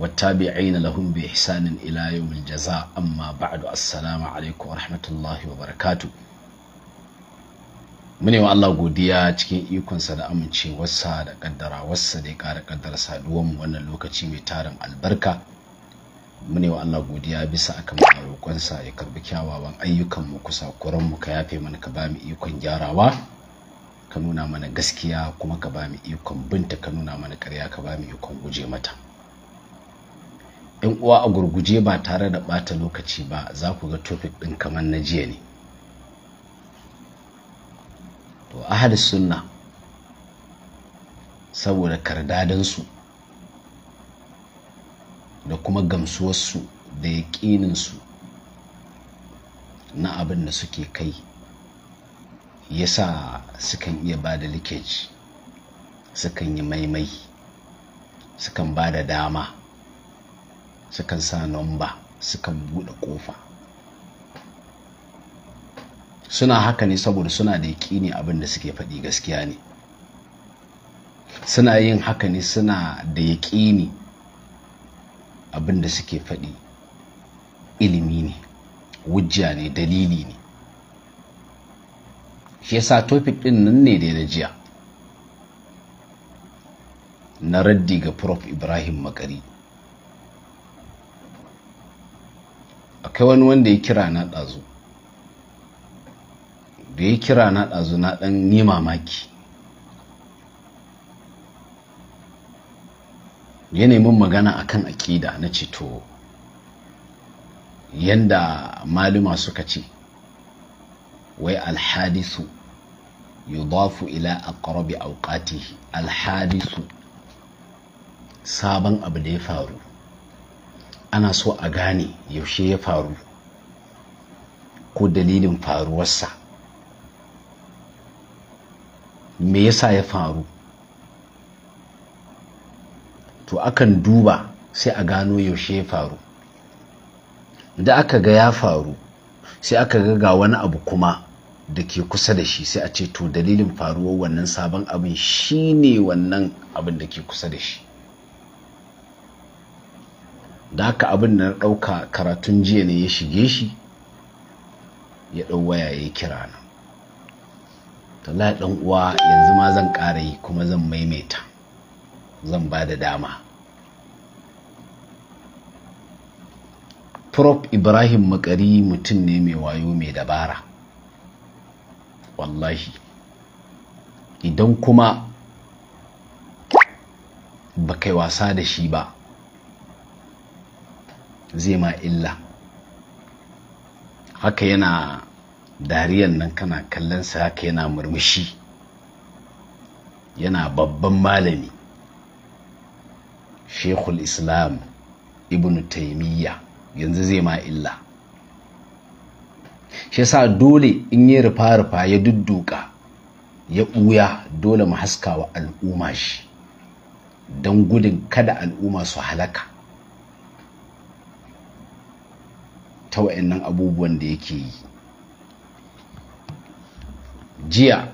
والتابعين لهم بإحسان إلى يوم الجزاء أما بعد السلام عليكم rahmatullahi wa وبركاته mune wa Allah godiya cikin ikonsa da amincewarsa da kaddarawarsa da ya ƙara kaddara saduwanmu wannan lokaci mai tarin albarka mune wa Allah godiya bisa akan roƙonsa ya karbi kyawawan ayyukan mu kusa mu ka yafe mana ka bamu mu ikon gyarawa ka nuna mana gaskiya kuma ka bamu mu ikon binta ka nuna mana ƙarya ka bamu mu ikon guje mata yan uwa a gurguje ba tare da ɓata lokaci ba za ku ga topic ɗin kamar na jiya ne to ahad sunna saboda kardadansu da kuma gamsuwarsu da su na abin da suke kai yasa sukan iya ba da likeci sukan yi maimai sukan ba da dama sukan sa lamba sukan buɗe ƙofa suna haka ne saboda suna da yaƙini abin da suke faɗi gaskiya ne suna yin haka ne suna da yaƙini abin da suke faɗi ilimi ne wujja ne dalili ne shi yasa topic ɗin nan ne da na jiya na raddi ga prof ibrahim makari akwai wani wanda ya kira na ɗazu da ya kira na ɗazu na ɗan yi mamaki ya nemi magana akan akida na ceto yadda maluma suka ce wai alhadisu yudafu ila aqrabi awqatihi alhadisu sabon abu da ya faru ana so a gane yaushe ya faru ko dalilin faruwarsa me yasa ya faru to akan duba sai a gano yaushe ya faru da aka ga ya faru sai aka ga ga wani abu kuma da ke kusa da shi sai a ce to dalilin faruwar wannan sabon abin shine wannan abin da ke kusa da shi da haka abin da na ɗauka karatun jiya ne ya shige shi ya ɗau waya ya kira na tala ɗan uwa yanzu ma zan ƙara yi kuma zan maimaita zan ba da dama prof ibrahim makari mutum ne mai wayo mai dabara wallahi idan kuma ba kai wasa da shi ba zai ma illa haka yana dariyan nan kana kallonsa haka yana murmushi yana babban malami shekul islam ibn taimiyya yanzu zai ma illa shi sa dole in yi rufa-rufa ya dudduka ya ɓuya dole mu haskawa al'umma shi don gudun kada al'umma su halaka ta wa'annan abubuwan da yake yi jiya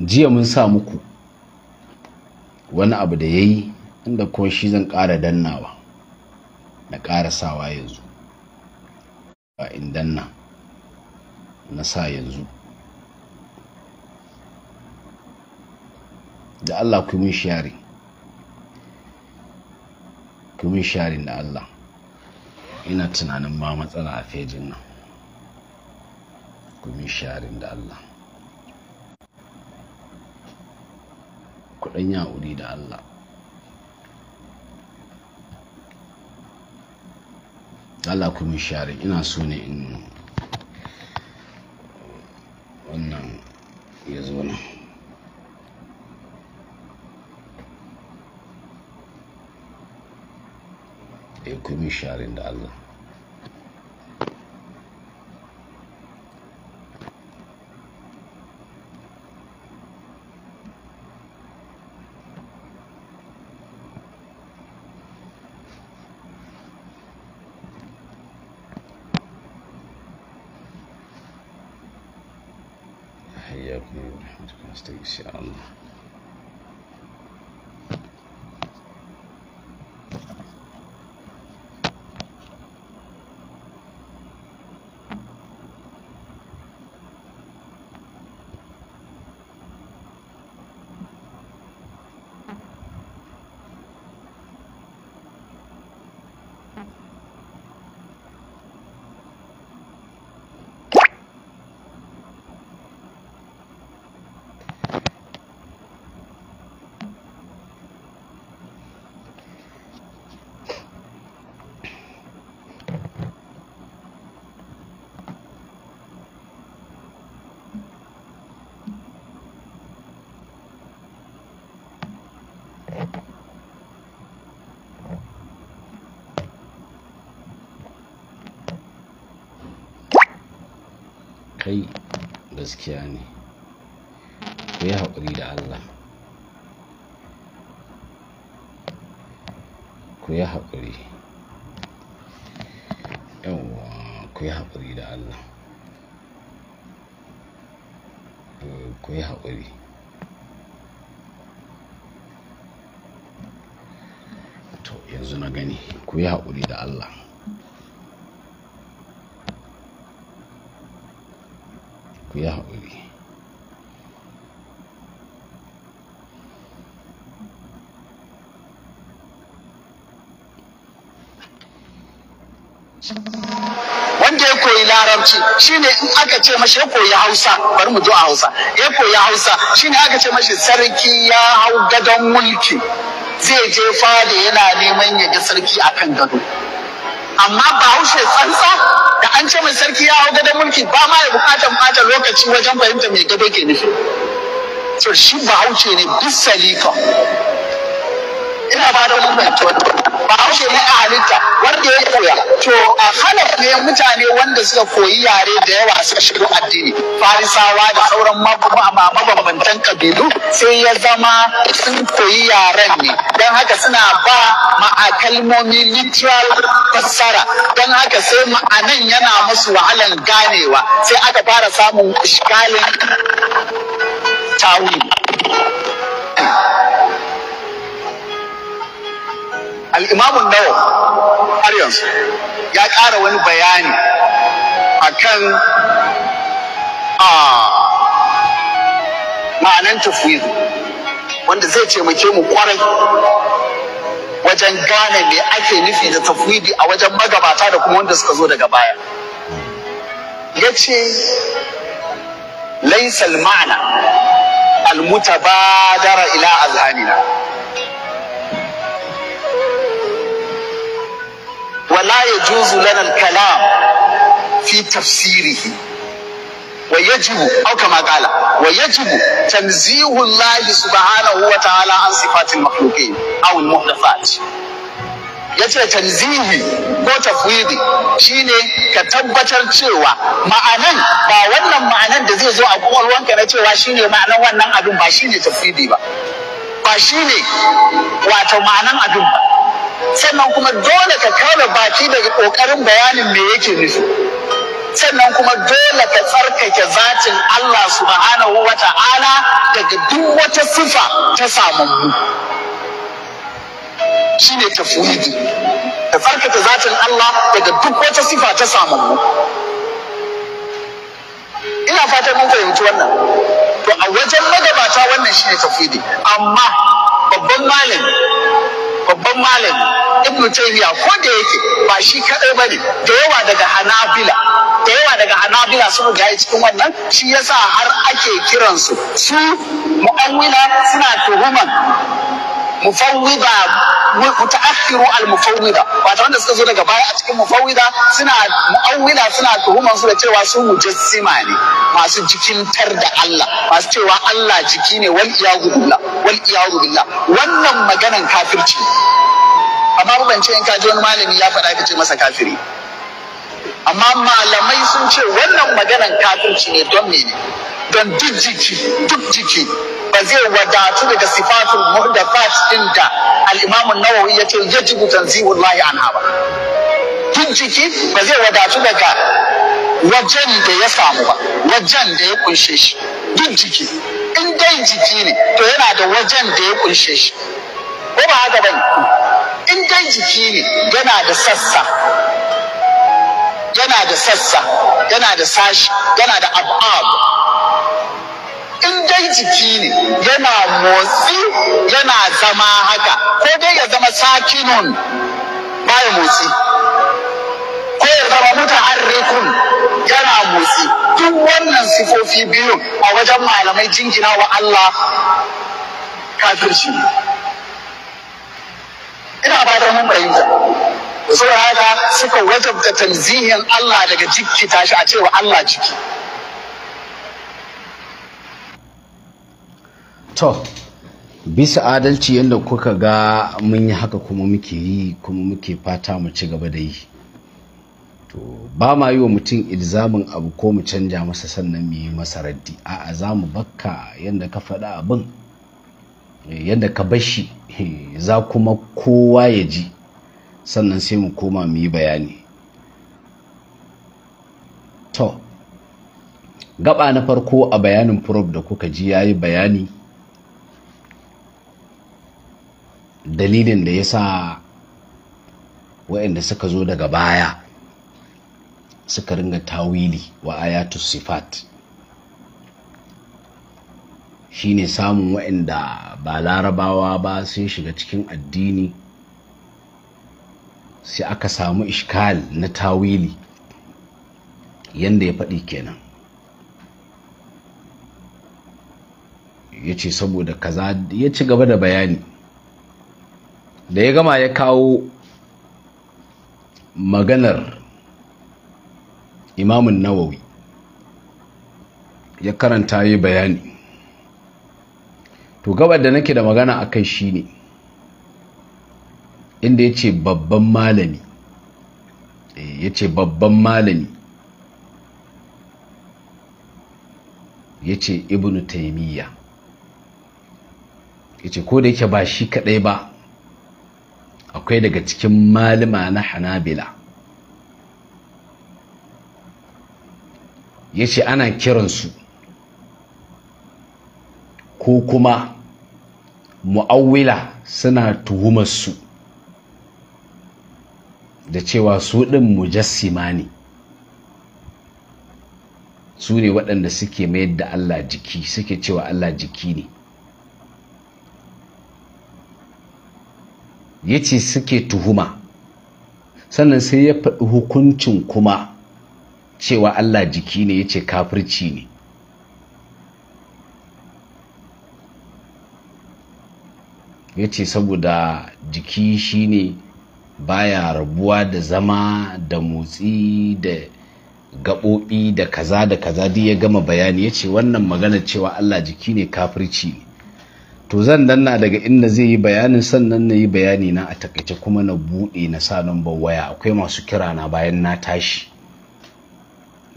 jiya mun sa muku wani abu da ya yi inda kuma shi zan ƙara dannawa na ƙarasawa yanzu ba in danna na sa yanzu da Allah ku min share ku min share da Allah ina tunanin ma matsala a fejin nan ku min share da Allah ku ɗan ya da Allah Allah ku share ina so ne in wannan ya zo nan ya eh, ku share da Allah station. kai gaskiya ne ku yi haƙuri da allah ku yi haƙuri yawwa ku yi haƙuri da allah eh, ku yi haƙuri to yanzu na gani ku yi haƙuri da allah ya haƙuri wanda ya koyi larabci shine in aka ce mashi ya koyi hausa bari mu a hausa ya koyi hausa shine aka ce mashi sarki ya hau gadon mulki zai je fada yana neman ya ga sarki akan gado amma ba bahaushe tsantsa da an ce mai sarki ya hau gadon mulki ba ma ya bukatan bata lokaci wajen fahimta mai gado ke nufi so shi hauce ne bisa likon ina ba da mun fahimta ba haushe ne a halitta wanda ya koya to a halaf ne mutane wanda suka koyi yare da yawa suka shigo addini farisawa da sauran mabambantan kabilu sai ya zama sun koyi yaren ne don haka suna ba ma'a kalmomi literal fassara don haka sai ma'anan yana musu wahalan ganewa sai aka fara samun iskalin tawili al'imamun nawa har yanzu ya ƙara wani bayani akan a ma'anan tafwidu wanda zai taimake mu kwarai wajen gane me ake nufi da tafwidi a wajen magabata da kuma wanda suka zo daga baya ya ce laisal ma'ana al-muta almutabadara ila hamina فلا يجوز لنا الكلام في تفسيره ويجب أو كما قال ويجب تنزيه الله سبحانه وتعالى عن صفات المخلوقين أو المحدثات yace tanzihi ko tafwidi shine ka tabbatar cewa ma'anan ba wannan ma'anan da zai zo a kwakwalwanka na cewa shine ma'anan wannan abin ba shine tafwidi ba ba shine wato ma'anan abin ba sannan kuma dole ka kare baki daga kokarin bayanin me yake nufi sannan kuma dole ka tsarkake zatin Allah subhanahu wa ta'ala daga duk wata sifa ta samammu shi ne tafwidi ka tsarkake zatin Allah daga duk wata sifa ta samammu ina fatan mun fahimci wannan to a wajen magabata wannan shi ne tafwidi amma babban malami babban malami ibnu taymiya ko da yake ba shi ba bane da yawa daga hanabila da yawa daga hanabila sun ga cikin wannan shi yasa har ake kiransu su mu'awwila suna tuhuman mufawwida mutaakhiru al mufawwida wato wanda suka zo daga baya a cikin mufawwida suna mu'awwila suna tuhumar su da cewa su mujassima ne masu jikintar da Allah masu cewa Allah jiki ne wal iyadu billah wal iyadu billah wannan maganan kafirci amma ba ce in ka ji wani malami ya faɗa ka ce masa kafiri amma malamai sun ce wannan maganan kafirci ne don mene ne don duk jiki duk jiki ba zai wadatu daga sifatul muhdathat din da al-Imam an-Nawawi yace yajibu tanzihullahi anha ba duk jiki ba zai wadatu daga wajen da ya samu ba wajen da ya kunshe shi duk jiki in dai jiki ne to yana da wajen da ya kunshe shi ko ba haka bane in dai jiki ne yana da sassa yana da sassa yana da sashi yana da ab'ab in dai jiki ne yana motsi yana zama haka ko dai ya zama sakinun baya motsi ko ya zama mutaharrikun yana motsi duk wannan sifofi biyu a wajen malamai jingina wa Allah kafirci ina ba da mun fahimta da saboda haka suka wajabta tanzihin Allah daga jiki tashi a cewa Allah jiki to bisa adalci yadda kuka ga mun yi haka kuma muke yi kuma muke fata mu ci gaba da yi to ba ma yi wa mutum ilzamin abu ko mu canja masa sannan mu yi masa raddi a'a za mu bakka yadda ka faɗa abin eh, yadda ka bashi eh, za kuma kowa ya ji sannan sai mu koma mu yi bayani to gaba na farko a bayanin prof da kuka ji ya yi bayani dalilin da ya sa waɗanda suka zo daga baya suka ringa tawili wa ayatu sifat shine samun waɗanda ba larabawa ba sai shiga cikin addini sai aka samu ishkal na tawili yanda ya faɗi kenan ya ce saboda kaza ya ci gaba da bayani da ya gama ya kawo maganar imamun nawawi ya karanta yi bayani to gabar da nake da magana a kai shine inda ya ce babban malami eh, ya ce babban malami ya ce ibn taimiyya ya ce ko da yake ba shi kaɗai ba akwai daga cikin malama na hanabila ya ce ana kiransu ko kuma mu'awwila suna tuhumarsu su da cewa su ɗin mujassima ne su ne waɗanda suke mayar da Allah jiki suke cewa Allah jiki ne ya ce suke tuhuma sannan sai ya faɗi hukuncin kuma cewa Allah jiki ne ya ce kafirci ne ya ce saboda jiki shi ne. baya rabuwa da zama da motsi da gaɓoɓi da kaza da kaza duk ya gama bayani ya ce wannan magana cewa Allah jiki ne kafirci to zan danna daga inda zai yi bayanin sannan na yi bayani na a takaice kuma na buɗe na sa number waya akwai masu kira na bayan na tashi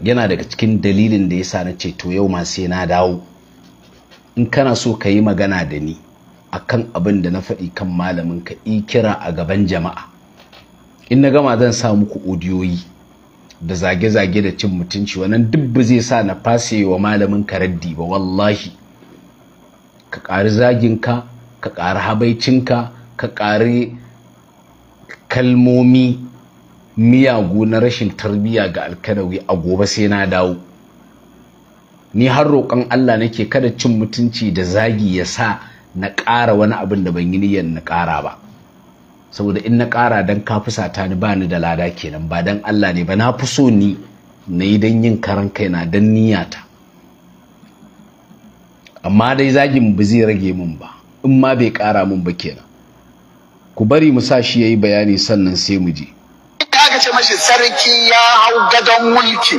yana daga cikin dalilin da yasa na ce to yau ma sai na dawo in kana so ka yi magana da ni akan abin da na faɗi kan malamin ka i kira a gaban jama'a in na gama zan sa muku odiyoyi da zage-zage da cin mutunci wannan duk zai sa na fase wa malamin karaddi ba wallahi ka ƙari zaginka ka ƙari habaicinka ka ƙari kalmomi miyagu na rashin tarbiyya ga alkanawi a gobe sai na dawo ni har roƙon Allah nake kada cin mutunci da zagi ya sa na ƙara wani abin da ban yi niyyar na ƙara ba saboda in na ƙara don ka ta ni ba ni da lada kenan ba don Allah ne ba na fi so ni na yi don yin karan kai na don niyata. amma dai zagin ba zai rage min ba in ma bai ƙara min ba kenan ku bari mu sa shi ya yi bayani sannan sai mu je ce mashi sarki ya hau gadon mulki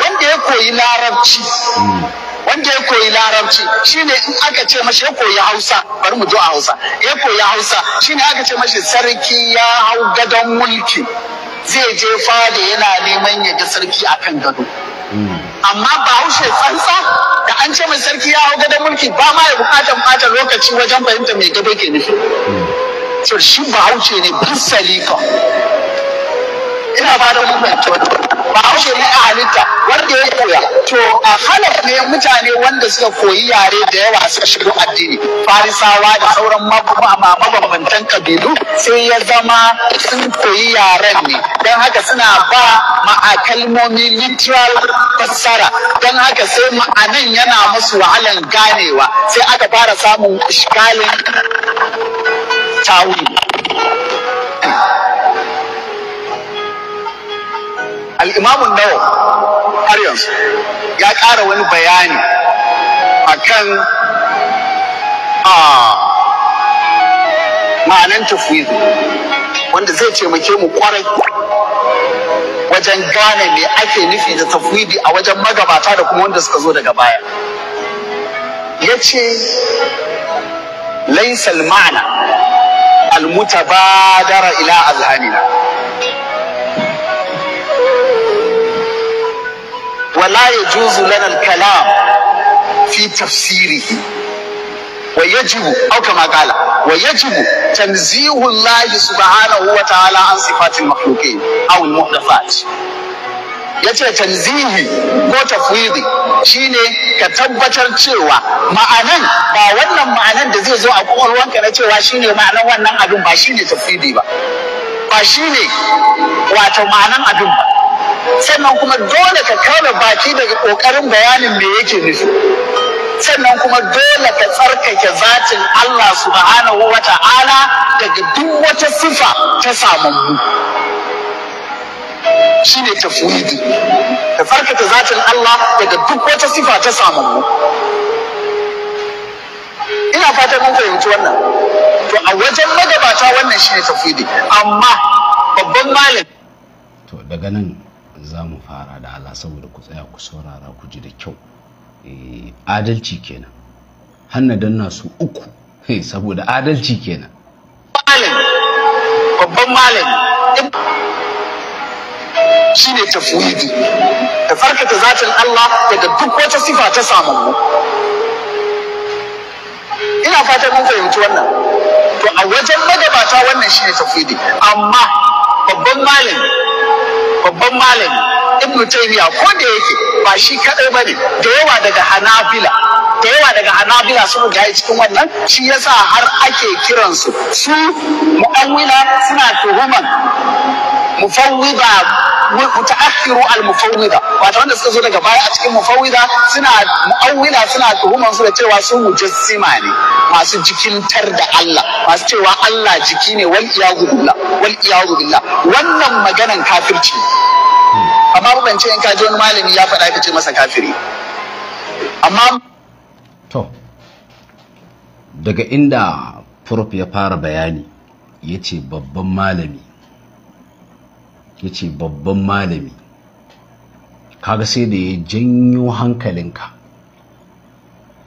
wanda ya koyi larabci hmm. wanda ya koyi larabci shine in aka ce mashi ya koyi hausa bari mu zo a hausa ya koyi hausa shine aka ce mashi sarki ya hau gadon mulki zai je fada yana neman ya ga sarki a kan gado amma bahaushe tsantsa da an ce mai sarki ya hau gadon mulki ba ma ya bukatan fata lokaci wajen fahimta mai gado ke nufi so shi bahaushe ne bin salika ina ba da mafi ba haushe ne a halitta wanda ya koya to a halaf ne mutane wanda suka koyi yare da yawa suka shigo addini farisawa da sauran mabambantan kabilu sai ya zama sun koyi yaren ne don haka suna ba ma'a kalmomi literal fassara don haka sai ma'anan yana musu wahalan ganewa sai aka fara samun iskalin tawili al'imamun nawa har yanzu ya ƙara wani bayani akan a ma'anan tafwidu wanda zai taimake mu kwarai wajen gane me ake nufi da tafwidi a wajen magabata da kuma wanda suka zo daga baya ya ce laisal ma'ana almutabadara ila azhamina ولا يجوز لنا الكلام في تفسيره ويجب أو كما قال ويجب تنزيه الله سبحانه وتعالى عن صفات المخلوقين أو المحدثات yace tanzihi ko tafwidi shine ka tabbatar cewa ma'anan ba wannan ma'anan da zai zo a kwakwalwanka na cewa shine ma'anan wannan abin ba shine tafwidi ba ba shine wato ma'anan abin ba sannan kuma dole ka kaura baki daga kokarin bayanin me yake nufi sannan kuma dole ka tsarkake zatin Allah subhanahu wa ta'ala daga duk wata sifa ta samammu shi ne tafwidi ka tsarkake zatin Allah daga duk wata sifa ta samammu ina fatan mun fahimci wannan to a wajen magabata wannan shi ne tafwidi amma babban malami to daga nan za mu fara da Allah saboda ku tsaya ku saurara ku ji da kyau eh, adalci kenan hanna danna su uku saboda adalci kenan malam, babban malam shi ne tafwidi da farkata zatin Allah daga duk wata sifa ta samu ina fatan mun fahimci wannan to a wajen magabata wannan shi ne tafwidi amma babban malam. babban malami ibn taymiya ko da yake ba shi kadai bane da yawa daga hanabila da yawa daga hanabila sun ga cikin wannan shi yasa har ake kiransu su mu'awwila suna tuhuman mufawwida muta'akhiru al-mufawwida wato wanda suka zo daga baya a cikin mufawwida suna mu'awwila suna tuhuman su da cewa su mujassima ne masu jikintar da Allah masu cewa Allah jiki ne wal iyahu billah wal iyahu billah wannan maganan kafirci amma ban ce in ka ji wani malami ya faɗa ka ce masa kafiri amma to daga inda prof ya fara bayani yace babban malami ya ce babban malami kaga sai da ya janyo hankalinka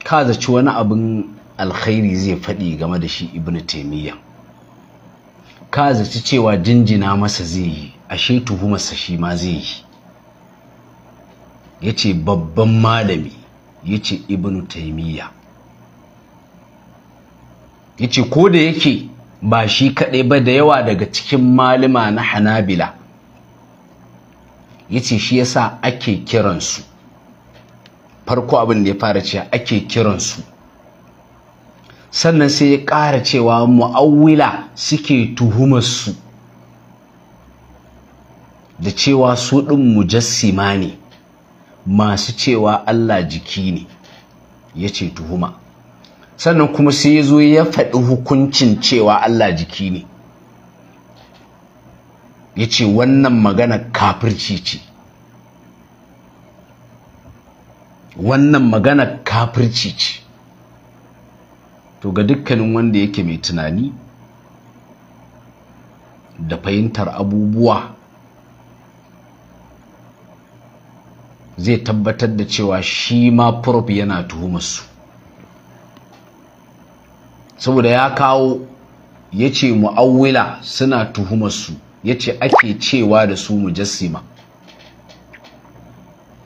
ka zaci wani abin alkhairi zai faɗi game da shi Ibn taimiyya ka zaci cewa jinjina masa zai yi ashe tuhumarsa shi ma zai yi ya ce babban malami ya ce Ibn taimiyya ya ce ko da yake ba shi kaɗai ba da yawa daga cikin malima na hanabila yace shi yasa ake kiransu farko abin da ya fara cewa ake kiransu sannan sai ya ƙara cewa mu'awwila suke tuhumar su, da cewa su ɗin mujassima ne masu cewa Allah jiki ne ya ce tuhuma sannan kuma sai ya zo ya faɗi hukuncin cewa Allah jiki ne yace wannan magana kafirci ce wannan magana kafirci ce to ga dukkanin wanda yake mai tunani da fahimtar abubuwa zai tabbatar da cewa shi ma prof yana tuhumar su saboda ya kawo ya ce mu'awwila suna su. yace ake cewa da su mujassima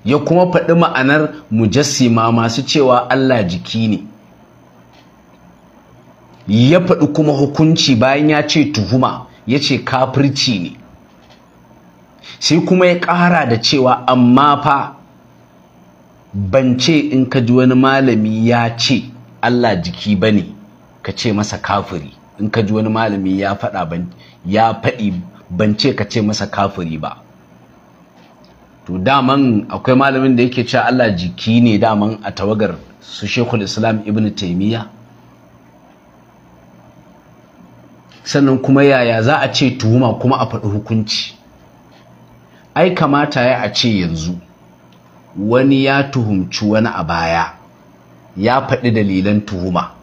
ya kuma faɗi ma'anar mujassima masu cewa Allah jiki ne ya faɗi kuma hukunci bayan ya ce tuhuma ya ce kafirci ne sai kuma ya ƙara da cewa amma fa ban ce in ka ji wani malami ya ce Allah jiki ba ne ka ce masa kafiri in ka ji wani malami ya faɗa ban ya faɗi ban ce ka ce masa kafiri ba to daman akwai malamin da yake cewa Allah jiki ne daman a tawagar su Sheikhul Islam Ibn Taymiyyah sannan kuma yaya za a ce tuhuma kuma a faɗi hukunci ai kamata ya a ce yanzu wani ya tuhumci wani a baya ya faɗi dalilan tuhuma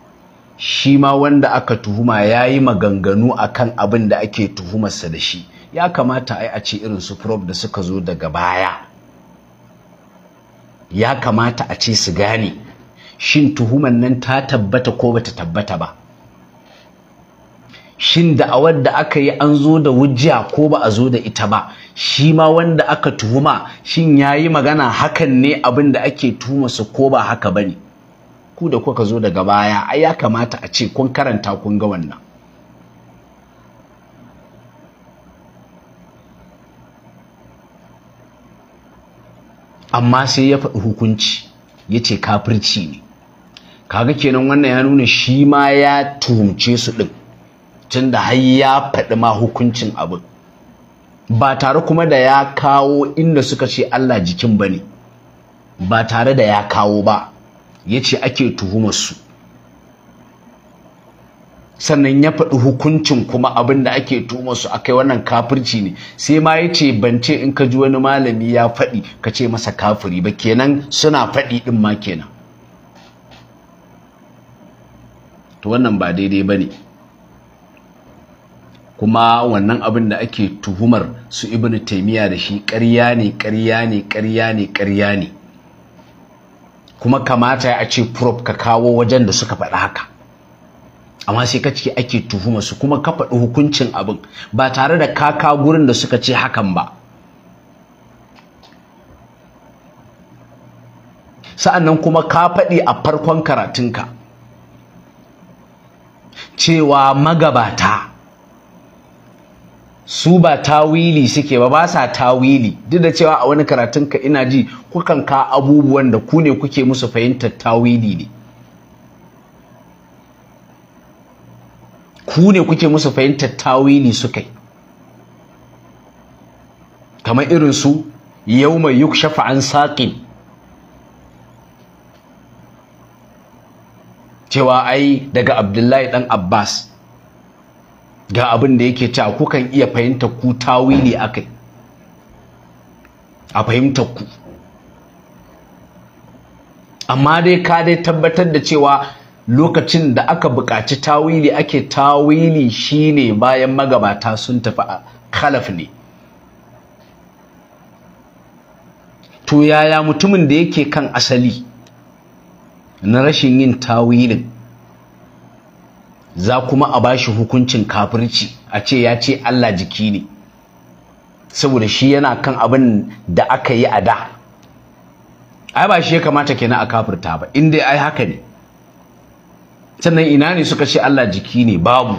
shi ma wanda aka tuhuma ya yi maganganu a kan abin da ake tuhumarsa da shi ya kamata a yi a ce irin su prof da suka zo daga baya ya kamata a ce su gane shin tuhuman nan ta tabbata ko bata tabbata ba shin da a wadda aka yi an zo da wujja ko ba a zo da ita ba shi ma wanda aka tuhuma shin ya yi magana hakan ne abin da ake tuhumarsa ko ba haka ba ne ku da kuka zo daga baya ai ya kamata a ce kun karanta kun ga wannan amma sai ya faɗi hukunci ya ce kafirci ne kaga kenan wannan ya nuna shi ma ya tuhumce su ɗin tun da har ya faɗi ma hukuncin abin ba tare kuma da ya kawo inda suka ce Allah jikin ba ne ba tare da ya kawo ba Yace ake ake su sannan ya faɗi hukuncin kuma abin da ake tuhumar su akai wannan kafirci ne sai ma ya ce bance in ka ji wani malami ya faɗi ka ce masa kafiri ba kenan suna faɗi ɗin ma kenan to wannan ba daidai ba ne kuma wannan abin da ake tuhumar su ibnu taimiyya da shi ƙarya ne ƙarya ne ƙarya ne ƙarya ne kuma kamata a ce prop ka kawo wajen da suka faɗi haka amma sai ka ciki ake tuhuma su kuma ka faɗi hukuncin abin ba tare da kaka gurin da suka ce hakan ba sa'annan kuma ka faɗi a farkon karatunka cewa magabata su ba tawili suke ba ba sa tawili duk da cewa a wani karatun ka ina ji kukan ka abubuwan da ku ne kuke musu fahimtar tawili ne ku ne kuke musu fahimtar tawili suka yi kamar irin su yau yuk shafa an saƙin. cewa ai daga Abdullahi ɗan Abbas ga abin da yake cewa kukan iya fahimta ku tawili akai a fahimtar ku amma dai ka dai tabbatar da cewa lokacin da aka buƙaci tawili ake tawili shine bayan magabata sun tafi a khalaf ne to yaya mutumin da yake kan asali na rashin yin tawilin za kuma a bashi hukuncin kafirci a ce ya ce Allah jiki ne saboda shi yana kan abin da aka yi a da ai ba shi ya kamata na a kafirta ba in dai ai haka ne sannan ina ne suka ce Allah jiki ne babu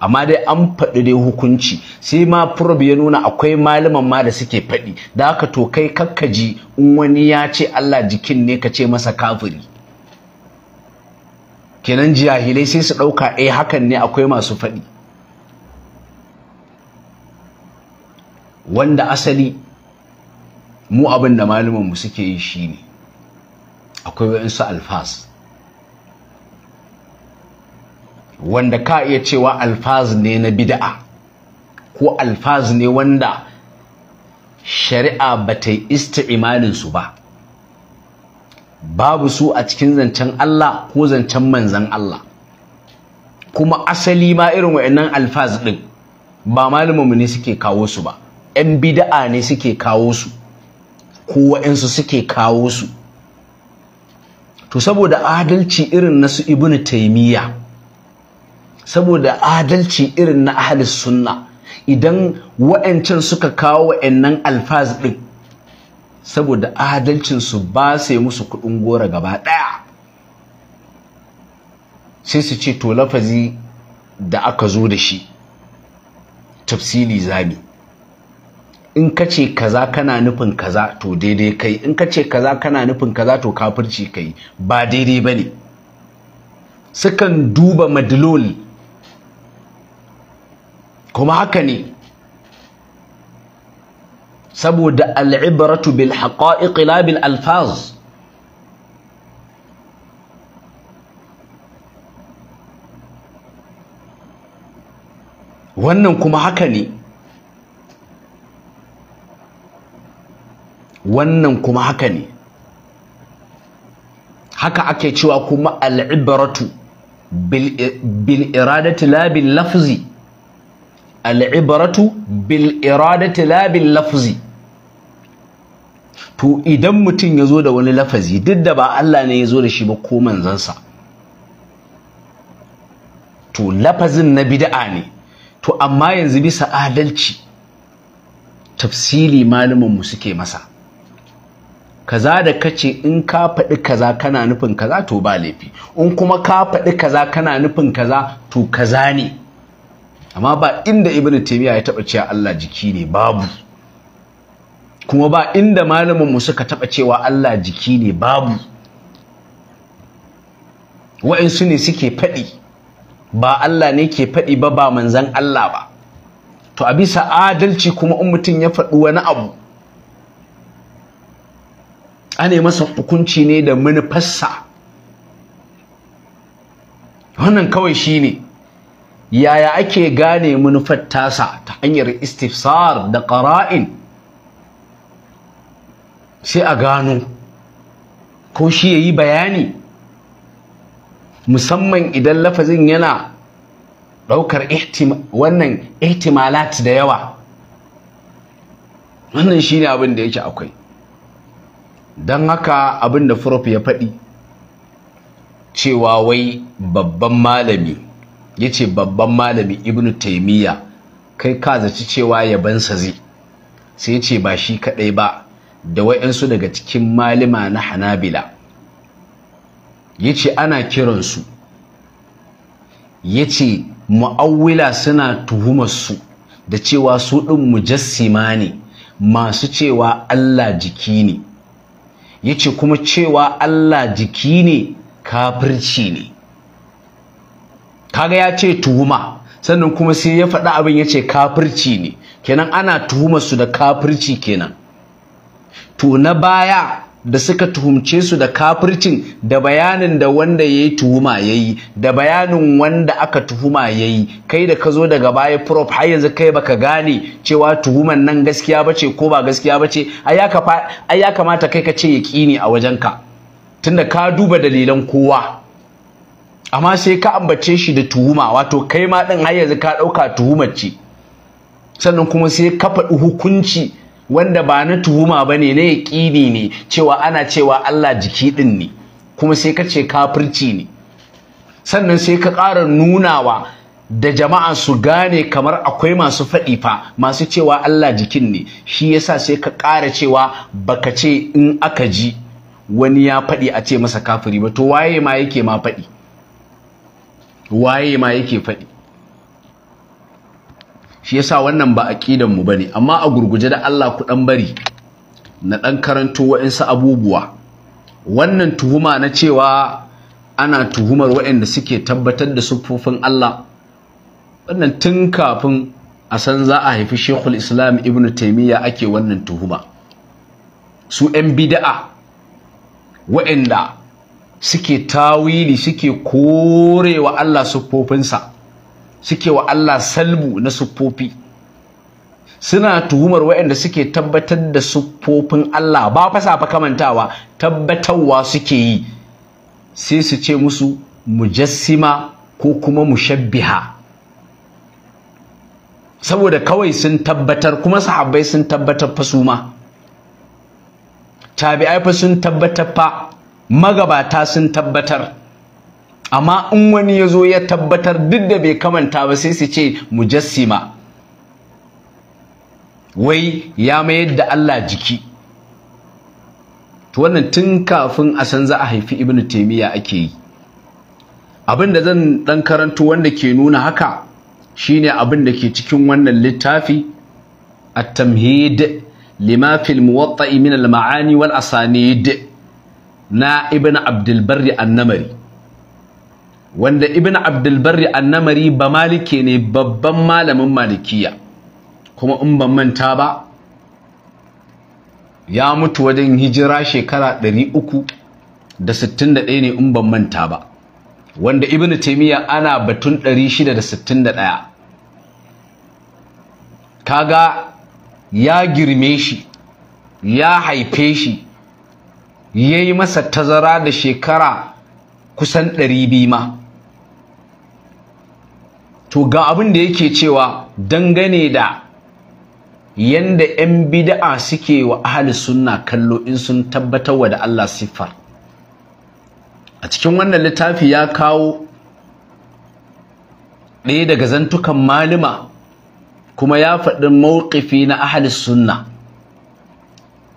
amma dai an faɗi dai hukunci sai ma furb ya nuna akwai malaman ma da suke faɗi da haka to kai kakkaji in wani ya ce Allah jikin ne ka ce masa kafiri kenan jahilai sai su ɗauka eh hakan ne akwai masu faɗi wanda asali mu abin da mu suke yi shi ne, akwai wa'insu alfaz wanda ka iya cewa alfaz ne na bida'a ko alfaz ne wanda shari'a ba ta yi isti'imalin su ba babu su a cikin zancen Allah ko zancen manzan Allah kuma asali ma irin wa'annan alfaz din ba mu ne suke kawo su ba 'yan bida'a ne suke kawo su ko wa'ansu suke kawo su to saboda adalci irin na su ibnu taymiya saboda adalci irin na ahli sunna idan wa'ancan suka kawo wa'annan alfaz din. saboda adalcinsu ba sai musu kuɗin gora gaba ɗaya sai su ce to lafazi da aka zo da shi tafsili zami in ka ce kaza kana nufin kaza to daidai kai in ka ce kaza kana nufin kaza to kafirci kai ba daidai ba ne sukan duba madlol kuma haka ne saboda Al'ibaratu bil haqa'iq la alfaz wannan kuma haka ne wannan kuma haka ne haka ake cewa kuma Al'ibaratu bil iradati labin lafzi al'ibaratu bil iradati labin lafazi. to idan mutum ya zo da wani lafazi duk da ba Allah ne ya zo da shi ba ko manzansa to lafazin na bid'a ne to amma yanzu bisa adalci tafsili mu suke masa kaza da kace in ka faɗi kaza kana nufin kaza to ba laifi in kuma ka faɗi kaza kana nufin kaza to kaza ne amma ba inda ibnu taymiya ya taba cewa Allah jiki ne babu kuma ba inda malamin mu suka taba cewa Allah jiki ne babu wa'insu ne suke faɗi ba Allah ne ke faɗi ba ba manzan Allah ba to a bisa adalci kuma in mutum ya faɗi wani abu ne masa hukunci ne da manufarsa wannan kawai shine ne yaya ake gane manufar tasa ta hanyar istifsar da ƙara'in sai a gano ko shi yayi bayani musamman idan lafazin yana ɗaukar wannan ihtimalat da yawa wannan shine abin da yake akwai don haka abin da prof ya faɗi cewa wai babban malami yace babban malami ibnu taymiya kai ka zaci cewa yabansa zai sai yace ba shi kaɗai ba da wayansu daga cikin malima na hanabila yace ana kiransu yace mu'awwila suna tuhumar su da cewa su ɗin mujassima ne masu cewa Allah jiki ne yace kuma cewa Allah jiki ne kafirci ne kaga ya ce tuhuma sannan kuma sai ya faɗi abin ya ce kafirci ne kenan ana tuhuma su da kafirci kenan to na baya da suka tuhumce su da kafircin da bayanin da wanda ya yi tuhuma ya yi da bayanin wanda aka tuhuma ya yi kai da ka zo daga baya prof har yanzu kai baka gane cewa tuhuman nan gaskiya ba ce ko ba gaskiya ba ce ai ya kamata kai ka ce yaƙini a wajenka tunda ka duba dalilan kowa amma sai ka ambace shi da tuhuma wato kai ma din har yanzu ka dauka tuhumar ci sannan kuma sai ka faɗi hukunci wanda ba na tuhuma bane na yaƙini ne cewa ana cewa Allah jiki ɗin ne kuma sai ka ce kafirci ne sannan sai ka ƙara nunawa da jama'a su gane kamar akwai masu faɗi fa masu cewa Allah jikin ne shi yasa sai ka ƙara cewa baka ce in aka ji wani ya faɗi a ce masa kafiri ba to waye ma yake ma faɗi waye ma yake faɗi shi yasa wannan ba aqidan mu bane amma a gurguje da Allah ku dan bari na dan karanto wa'insu abubuwa wannan tuhuma na cewa ana tuhumar waɗanda suke tabbatar da siffofin Allah wannan tun kafin a san za a haifi Sheikhul Islam Ibn Taymiyyah ake wannan tuhuma su 'yan bida'a waɗanda suke tawili suke kore wa Allah siffofinsa suke wa Allah salmu na siffofi suna tuhumar waɗanda suke tabbatar da siffofin Allah ba fasa fa kamantawa tabbatarwa suke yi sai su ce musu mujassima ko kuma mushabbiha saboda kawai sun tabbatar kuma sahabbai sun tabbatar fa su ma tabi'ai fa sun tabbatar fa magabata sun tabbatar amma in wani ya zo ya tabbatar duk da bai kamanta ba sai su ce mujassima wai ya mayar da Allah jiki to wannan tun kafin a san za a haifi ibnu taymiya ake yi abin da zan dan karanto wanda ke nuna haka shine abin da ke cikin wannan littafi at-tamhid lima fil muwatta'i min al-ma'ani wal asanid na ibn abdulbarri annamari wanda ibn abdulbarri annamari ba malike ne babban malamin malikiya kuma in ban manta ba ya mutu wajen hijira shekara 361 ne in ban manta ba wanda ibn taimiyya ana batun 661 kaga ya girme shi ya haife shi ya yi masa tazara da shekara kusan ɗari biyu ma to ga abin da yake cewa dangane da yanda 'yan bida'a suke wa ahli sunna kallo in sun tabbatar wa da Allah siffar a cikin wannan littafi ya kawo ɗaya daga zantukan malima kuma ya faɗi mawqifi na ahli sunna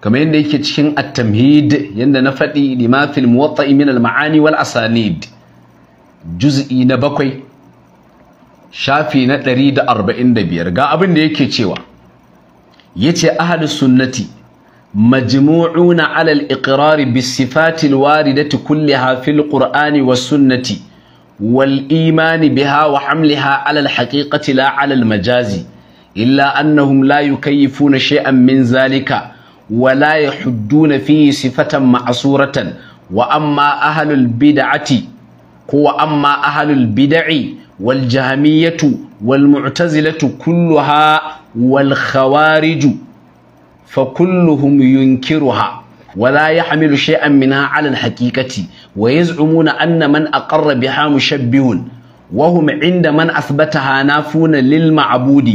kamar yadda yake cikin attamhid yadda na faɗi limafin muwatta imin alma'ani wal asanid juz'i na bakwai shafi na ɗari da arba'in da biyar ga abin da yake cewa ya ce ahadu sunnati majimu'u na alal ikirari bisifatil wari da ta kulle hafil ƙura'ani wa sunnati wal imani biha wa hamli ha alal hakikati la majazi illa annahum la yukayifu na shi'an min zalika wala yahudduna fihi sifatan ma'suratan wa amma ahlul bid'ati ko wa amma ahlul bid'i wal jahmiyatu wal mu'tazilatu kulluha wal khawariju fa kulluhum yunkiruha ولا يحمل شيئا منها على الحقيقة ويزعمون أن من أقر بها مشبه وهم عند من أثبتها نافون للمعبود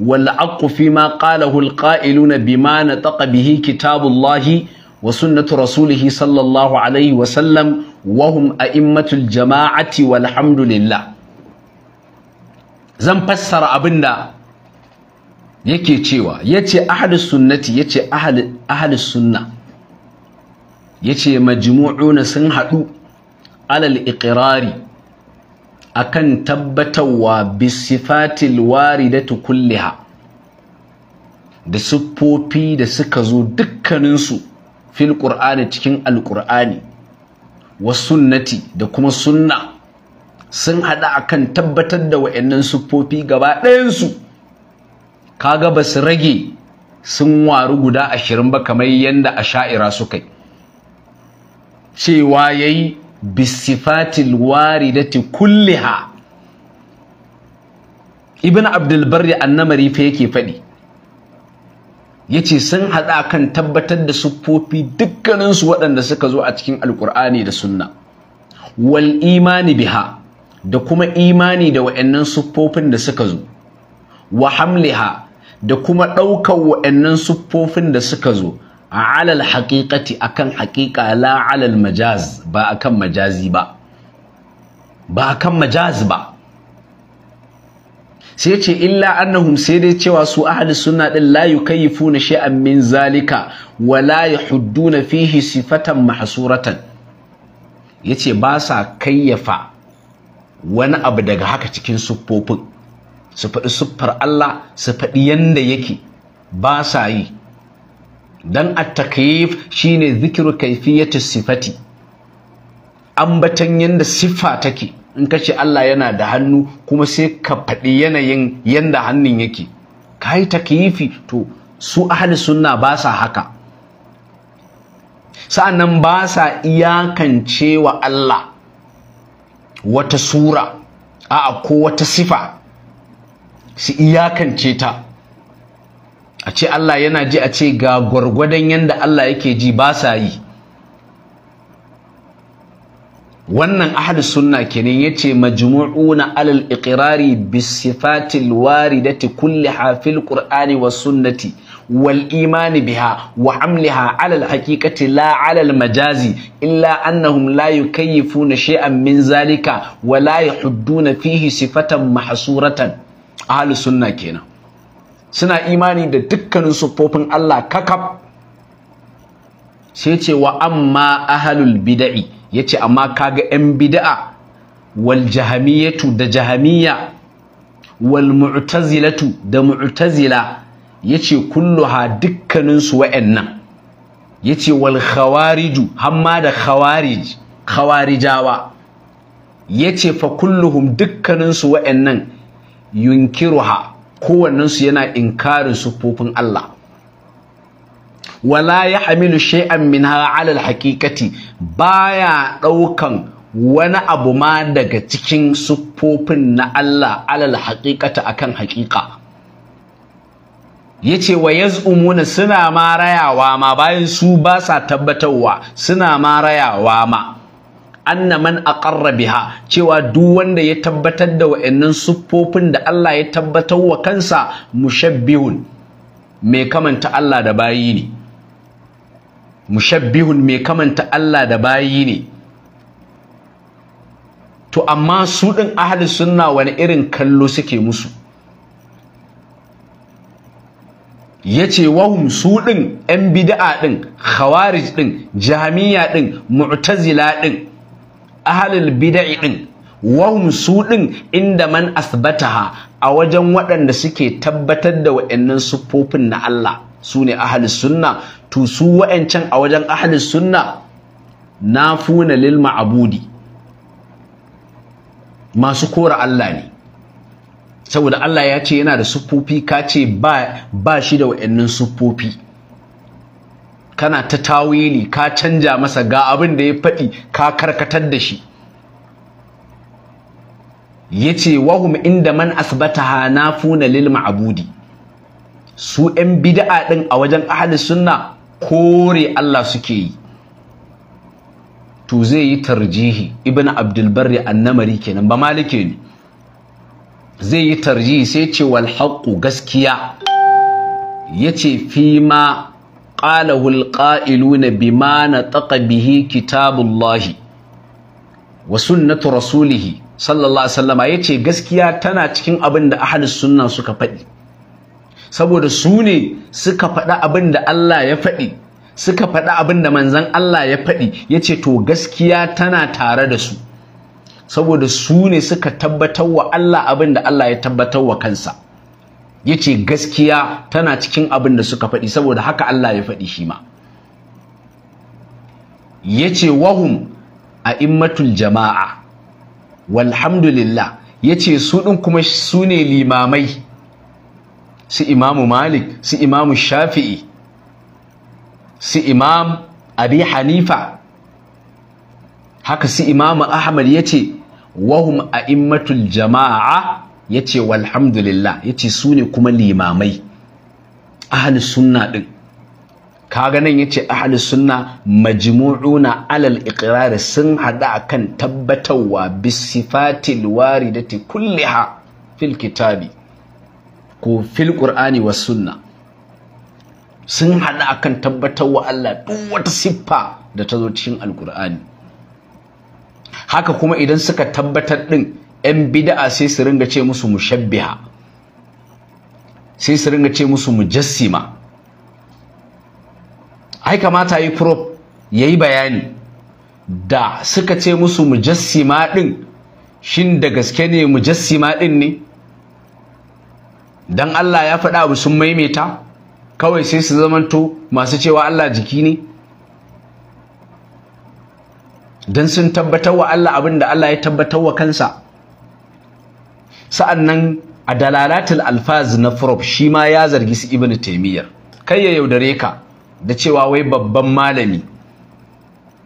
والعق فيما قاله القائلون بما نطق به كتاب الله وسنة رسوله صلى الله عليه وسلم وهم أئمة الجماعة والحمد لله زن فسر أبندا yake cewa yace ahlus sunnati yace ahli ahlus sunna yace majmu'una sun hadu alal iqrari akan tabbatarwa bisifatil waridatu kulliha da siffofi da suka zo dukkaninsu fil qur'ani cikin Alƙur'ani, wa sunnati da kuma sunna sun hada akan tabbatar da wa'annan siffofi gaba ɗayansu kaga ba su rage sun waru guda ashirin ba kamar yadda a sha'ira suka yi cewa ya yi. bisifatil waridati kulliha ibn abdulbarri annamari fa yake faɗi ya ce sun haɗa kan tabbatar da siffofi dukkaninsu waɗanda suka zo a cikin alƙur'ani da sunna wal imani biha da kuma imani da wa'annan sufofin da suka zo wa hamliha da kuma ɗaukar wa'annan sufofin da suka zo alal haƙiƙati akan haƙiƙa la alal majaz ba akan majazi ba ba kan majaz ba sai ce illa annahum sai dai cewa su ahli sunna din funa shi shay'an min zalika wa la yahudduna fihi sifatan mahsuratan yace ba sa kayyafa wani abu daga haka cikin siffofin su faɗi siffar Allah su faɗi yanda yake ba sa yi dan at-takyif shine zikru kaifiyati sifati ambatan yanda sifa take in kace Allah yana da hannu kuma sai ka fadi yanayin yanda hannun yake kai takyifi to su ahli sunna ba sa haka sa'annan ba sa iyakance wa Allah wata sura a'a ko wata sifa su iyakance ta a ce Allah yana ji a ce ga gwargwadon yadda Allah yake ji ba sa yi wannan ahli sunna kenan yace majmu'una alal iqrari bis sifatil waridati kulle fil qur'ani was sunnati wal imani biha wa amliha alal haqiqati la alal majazi illa annahum la funa shay'an min zalika wa la na fihi sifatan mahsuratan ahlus sunna kenan suna imani da dukkanin sufofin Allah kakaf sai ce wa amma ahalul bida'i yace amma kaga yan bida'a wal jahamiyatu da jahamiyya wal mu'tazilatu da mu'tazila yace kulluha dukkanin su wa'annan yace wal khawariju hamma da khawarij khawarijawa yace fa kulluhum dukkanin su wa'annan yunkiruha kowannensu yana inkarin sufofin Allah wala ya hamilu shay'an min alal hakikati baya ɗaukan wani abu ma daga cikin sufofin na Allah alal hakikata akan hakika yace wa yaz'umuna suna ma rayawa ma bayan su ba sa tabbatarwa suna ma rayawa ma anna man aqarra biha cewa duk wanda ya tabbatar da wa'annan siffofin da Allah ya tabbatar wa kansa mushabbihun mai kamanta Allah da bayi ne mushabbihun mai kamanta Allah da bayi ne to amma su din ahli sunna wani irin kallo suke musu yace wahum su ɗin 'yan bida'a ɗin khawarij ɗin jami'a ɗin mu'tazila ɗin ahalul bid'i din wahum su din inda man asbataha a wajen waɗanda suke tabbatar da wa'annan sufofin na Allah su ne ahalus sunna to su wa'ancan a wajen ahalus sunna nafuna lil ma'budi masu kora Allah ne saboda Allah ya ce yana da sufofi kace ba ba shi da wa'annan sufofi. kana ta tawili ka canja masa ga abin da ya faɗi ka karkatar da shi Ya ce wahum inda man asbata hanafuna lil ma'budi su 'yan bid'a ɗin a wajen ahli sunna kore Allah suke yi to zai yi tarjihi ibn abdul barri annamari kenan ba malike ne zai yi tarjihi sai ce wal haqqu gaskiya yace fi ma qalahu alqa'iluna bima nataqa bihi kitabullahi wa sunnatu rasulih sallallahu alaihi wasallam yace gaskiya tana cikin abin da ahlus sunna suka faɗi saboda su ne suka faɗi abinda Allah ya faɗi suka manzon Allah ya faɗi yace to gaskiya tana tare da su saboda su ne suka tabbatar wa Allah abinda Allah ya tabbatar wa kansa yace gaskiya tana cikin abin da suka faɗi saboda haka Allah ya faɗi shi ma yace wahum a'immatul jama'a walhamdulillah yace su din kuma su ne limamai su imamu malik su imamu shafi'i su imam abi hanifa haka su imamu ahmad yace wahum a'immatul jama'a ya ce walhamdulillah ya ce su ne kuma limamai ahalus sunna ɗin kaga nan ya ce ahalus sunna majmu'una alal iqrari sun haɗu akan tabbatarwa bisifatil waridati kulliha fil kitabi ko fil qur'ani was sunna sun haɗu akan tabbatar wa Allah duk wata siffa da ta zo cikin alkur'ani haka kuma idan suka tabbatar ɗin 'yan bida'a sai su ringa ce musu mushabbiha sai su ringa ce musu mujassima ai kamata yi prof yayi bayani da suka ce musu mujassima din shin da gaske ne mujassima din ne dan Allah ya faɗa abu sun maimaita kawai sai su zamanto masu cewa Allah jiki ne dan sun tabbatar wa Allah abin da Allah ya tabbatar wa kansa sa'annan a dalalatul alfaz na furof shi ma ya zargi su ibnu taimiyar kai ya yaudare ka da cewa wai babban malami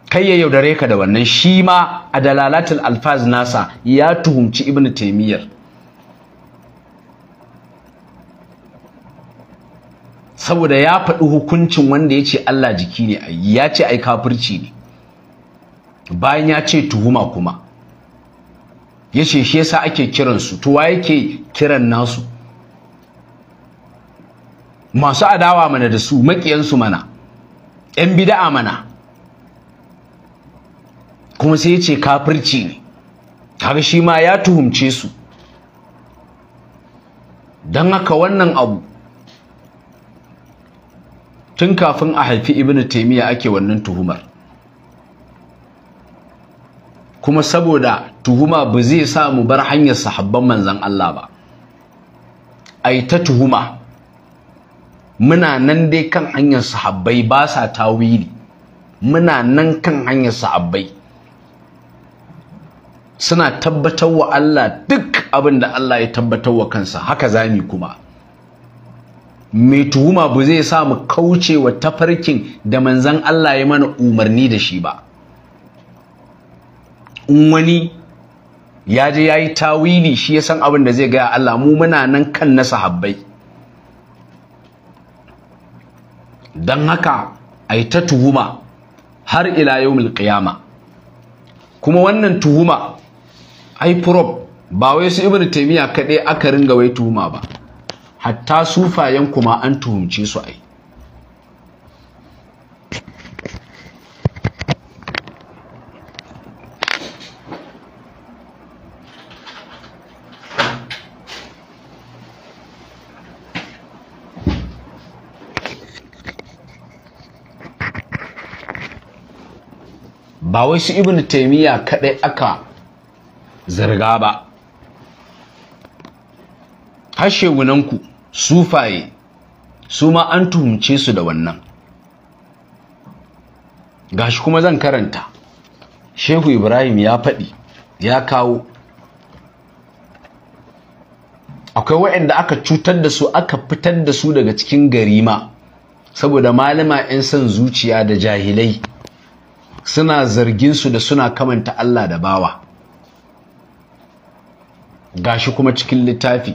kai ya yaudare ka da wannan shi ma a dalalatul alfaz nasa ya tuhumci ibnu taimiyar saboda ya faɗi hukuncin wanda ya ce Allah jiki ne ya ce ai kafirci ne bayan ya ce tuhuma kuma yace shi yasa ake kiransu su to wa yake kiran nasu masu adawa mana da su makiyansu mana yan bida'a mana kuma sai yace kafirci ne kaga shi ma ya tuhumce su don haka wannan abu tun kafin a haifi ibn taimiyya ake wannan tuhumar kuma saboda tuhuma ba zai sa mu bar hanyar sahabban manzan Allah ba ai ta tuhuma muna nan dai kan hanyar sahabbai ba sa tawili muna nan kan hanyar sahabbai suna tabbatar wa Allah duk abin da Allah ya tabbatar wa kansa haka zami kuma mai tuhuma ba zai sa mu kauce wa tafarkin da manzon Allah ya mana umarni da shi ba in wani ya je ya yi tawili shi ya san abin da zai gaya Allah mu muna nan kan na sahabbai don haka a ta tuhuma har ila yau qiyama kuma wannan tuhuma ai prob ba wai su ibn taimiyya kaɗai aka ringa wai tuhuma ba hatta sufayen kuma an tuhumce su ai ba wai shi ibn taimiyya kaɗai aka zarga ba hashe gunanku sufaye su ma an tuhumce su da wannan gashi kuma zan karanta shehu ibrahim ya faɗi ya kawo akwai waɗanda aka cutar da su aka fitar da su daga cikin gari ma saboda malama 'yan son zuciya da jahilai suna zargin su da suna kamanta Allah da bawa gashi kuma cikin littafi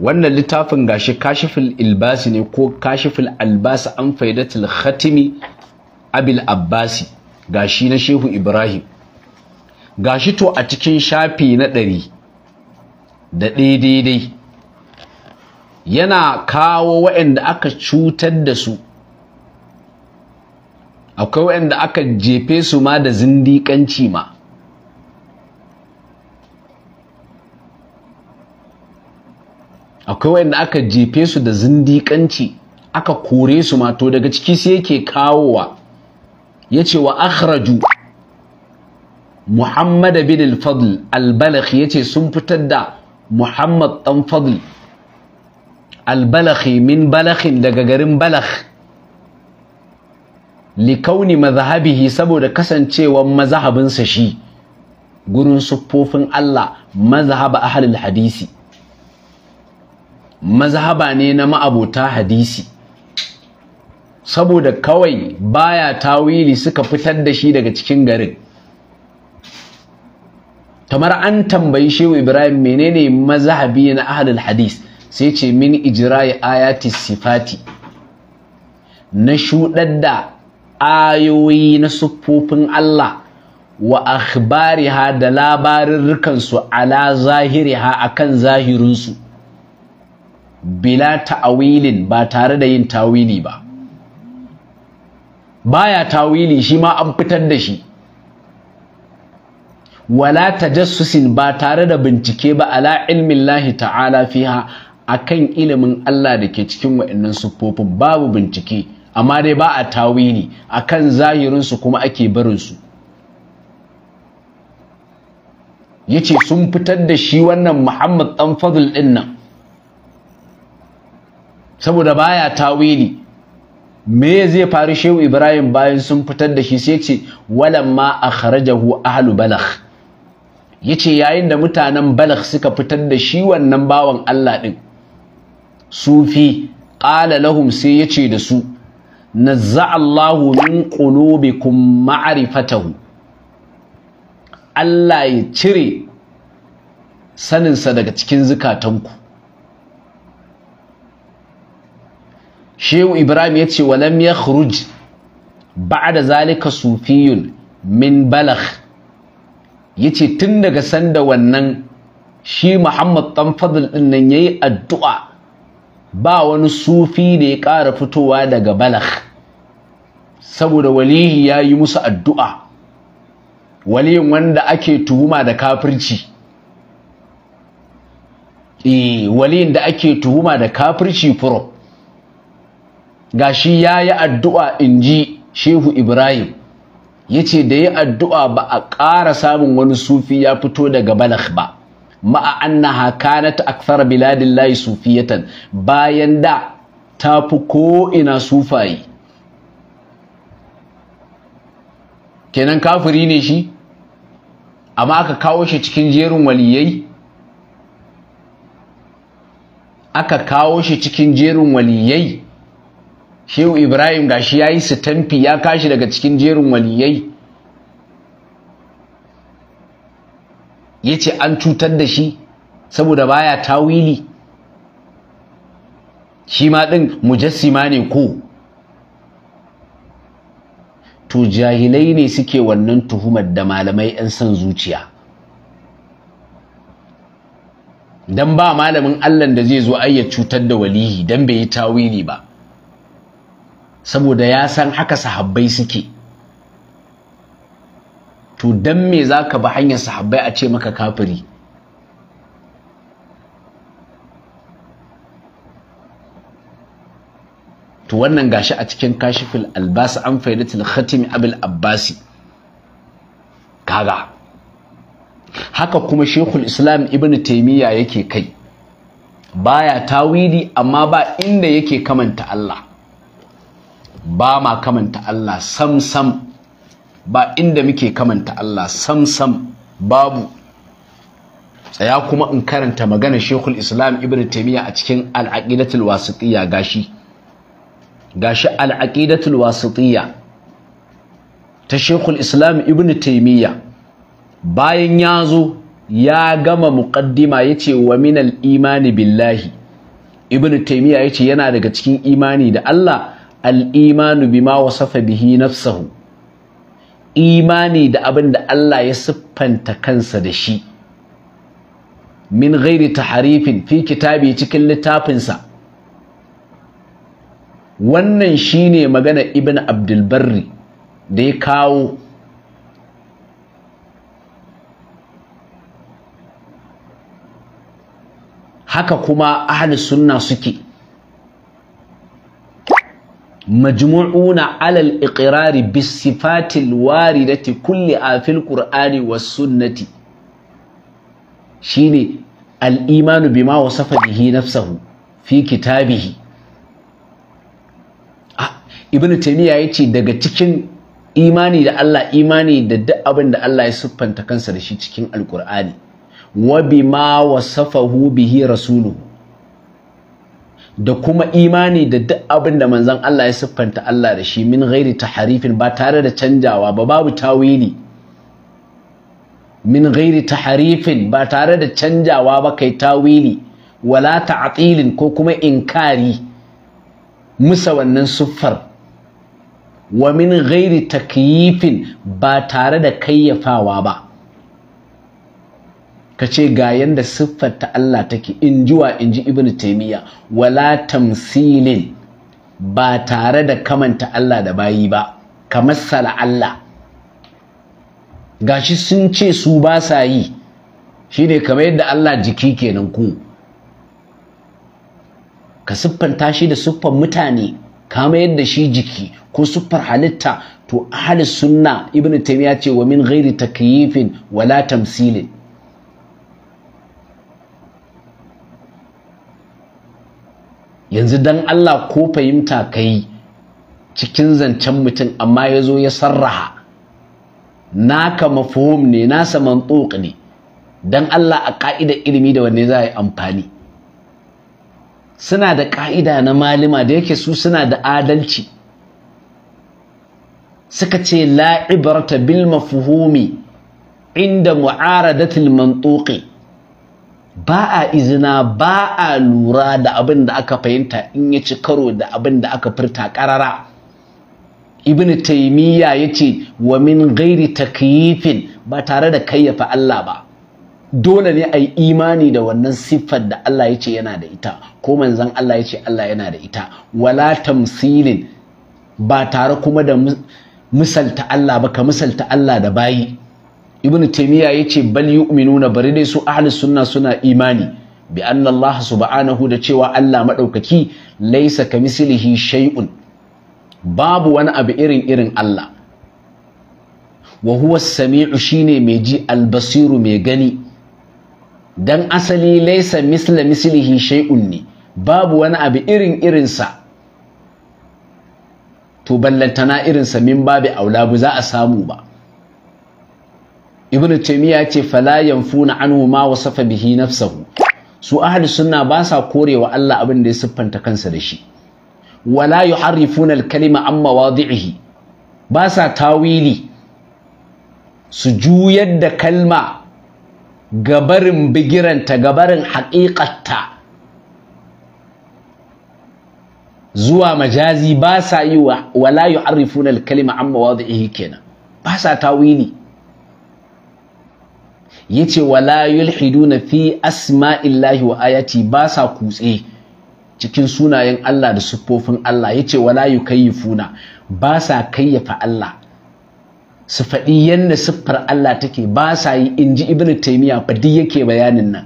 wannan littafin gashi kashiful ilbasi ne ko kashiful albasa an faidatul khatimi abil abbasi gashi na shehu ibrahim gashi to a cikin shafi na ɗari da daidai yana kawo waɗanda aka cutar da su akwai wanda aka jefe su ma da zindiƙanci ma akwai wanda aka jefe su da zindiƙanci aka kore su ma to daga ciki sai yake kawowa ya ce wa akhraju muhammad bin al-fadl al-balakh ya ce sun fitar da muhammad dan fadl al-balakh min balakhin daga garin balakh likauni mazahabihi saboda kasancewar mazhabinsa shi gurin siffofin Allah a ahlul hadisi mazhaba ne na ma'abota hadisi saboda kawai baya tawili suka fitar da shi daga cikin garin kamar an tambayi shehu ibrahim menene mazhabi na ahlul hadis sai ce min ijra'i ayati sifati na shudar da ayoyi na siffofin Allah wa ha da labarurrukansu ala zahiriha akan zahirinsu bila ta'awilin ba tare da yin tawili ba baya tawili shi ma an fitar da shi wala tajassusin ba tare da bincike ba ala ilmin lahi ta'ala fiha akan ilimin Allah da ke cikin wa'annan siffofin babu bincike amma dai ba a tawili akan zahirinsu kuma ake barinsu ya ce sun fitar da shi wannan muhammad ɗan fadl ɗin nan saboda baya tawili me zai faru shehu ibrahim bayan sun fitar da shi sai ce ma akhrajahu ahlu balagh yace yayin da mutanen balagh suka fitar da shi wannan bawan Allah ɗin sufi ƙala lahum sai yace da su nazza'a Allahu min qulubikum ma'rifatahu Allah ya cire saninsa daga cikin zukatanku Shehu Ibrahim ya ce walam yakhruj ba'da zalika sufiyun min balak, yace tun daga sanda wannan shi Muhammad Tanfadl din nan yayi addu'a ba wani sufi da ya ƙara fitowa daga balagh saboda walihi ya yi musu addu'a waliyin wanda ake tuhuma da kafirci eh, waliyin da ake tuhuma da kafirci furo shi ya yi addu'a in ji shehu ibrahim ya ce da ya addu'a ba a ƙara samun wani sufi ya fito daga balagh ba ma'a annaha kanat akthar biladillahi sufiyatan bayan da tafi ko ina sufaye. kenan kafiri ne shi amma aka kawo shi cikin jerin waliyai aka kawo shi cikin jerin waliyai shehu ibrahim gashi yayi sitamfi ya kashi daga cikin jerin waliyai ya ce an cutar da shi saboda baya tawili shi ma ɗin mujassima ne ko to jahilai ne suke wannan tuhumar da malamai 'yan son zuciya don ba malamin allon da zai zo ayya cutar da walihi don bai yi tawili ba saboda ya san haka sahabbai suke to dan me za ka bi hanyar sahabbai a ce maka kafiri to wannan gashi a cikin kashiful albas an faidatul khatim abul abbasi kaga haka kuma shekul islam ibnu taimiyya yake kai baya tawidi, amma ba inda yake kamanta Allah ba ma kamanta Allah sam sam ba inda muke kamanta Allah sam sam babu tsaya kuma in karanta magana Sheikhul Islam Ibn Taymiyyah a cikin Al-Aqidatul Wasitiyya gashi gashi Al-Aqidatul Wasitiyya ta Sheikhul Islam Ibn Taymiyyah bayan ya zo ya gama muqaddima yace wa minal imani billahi Ibn Taymiyyah yace yana daga cikin imani da Allah al-imanu bima wasafa bihi nafsuhu imani da abin da Allah ya siffanta kansa da shi min ghairi taharifin fi kitabi cikin littafinsa wannan shine magana ibn abdulbarri da ya kawo haka kuma ahli sunna suke majmu'una alal iqrari bis sifatil waridati kulli a fil qur'ani was sunnati shine al imanu bima wasafa bihi nafsahu fi kitabihi ah, ibn taymiya yace daga cikin imani da Allah imani da duk abin Allah ya siffanta kansa da shi cikin alqur'ani wa bima wasafahu bihi rasuluhu da kuma imani da duk abin da manzon Allah ya siffanta Allah da shi min ghairi taharifin ba tare da canjawa ba babu tawili min ghairi taharifin ba tare da canjawa ba kai tawili wala ta'tilin ko kuma inkari musa wannan siffar wa min ghairi takyifin ba tare da kayyafawa ba ka ce ga yanda siffar ta Allah take in jiwa in ji ibnu taimiyya wala tamsilin ba tare da kamanta Allah da bayi ba kamar sala Allah gashi sun ce su ba sa yi shine kamar yadda Allah jiki kenan ku ka siffanta shi da siffar mutane kama yadda shi jiki ko siffar halitta to ahli sunna Ibn taimiyya ce wa min ghairi takyifin wala tamsilin yanzu dan Allah ko fahimta kai cikin zancen mutum amma ya zo ya sarraha naka mafhum ne nasa mantuq ne dan Allah a ka'idar ilimi da wanne za a yi amfani suna da ka'ida na malima da yake su suna da adalci suka ce la bil mafhumi inda mu'aradatil mantuqi ba a izina ba a lura da abin da aka fahimta in ya ci karo da abin da aka furta karara ibn taimiyya ya ce wa min gairi takyifin ba tare da kayyafa Allah ba dole ne a yi imani da wannan siffar da Allah ya ce yana da ita ko manzon Allah ya ce Allah yana da ita wala tamsilin ba tare kuma da misalta Allah ba ka misalta Allah da bayi ibnu taymiya yace bal yu'minuna bari dai su ahli sunna suna imani bi anna allah subhanahu da cewa allah madaukaki laysa kamislihi shay'un babu wani abu irin irin allah wa huwa samiu shine mai ji albasiru mai gani dan asali laisa misla mislihi shay'un ne babu wani abu irin irinsa to ballantana irinsa min babu aula ba za a samu ba ibn taymiya ce fala yanfuna anhu ma wasafa bihi nafsahu su ahli sunna ba sa korewa Allah abin da ya siffanta kansa da shi wala yuharrifuna al-kalima an mawadi'ihi ba sa tawili su juyar da kalma gabarin bigiranta gabarin haƙiƙarta, zuwa majazi ba sa yi wa wala yuharrifuna al-kalima an mawadi'ihi kenan ba sa tawili yace wala yulhiduna fi asma'illahi wa ayati ba sa kutse cikin sunayen Allah da siffofin Allah yace wala yukayyifuna ba sa kayyafa Allah su faɗi yadda siffar Allah take ba sa yi in ji ibn taimiyya yake bayanin nan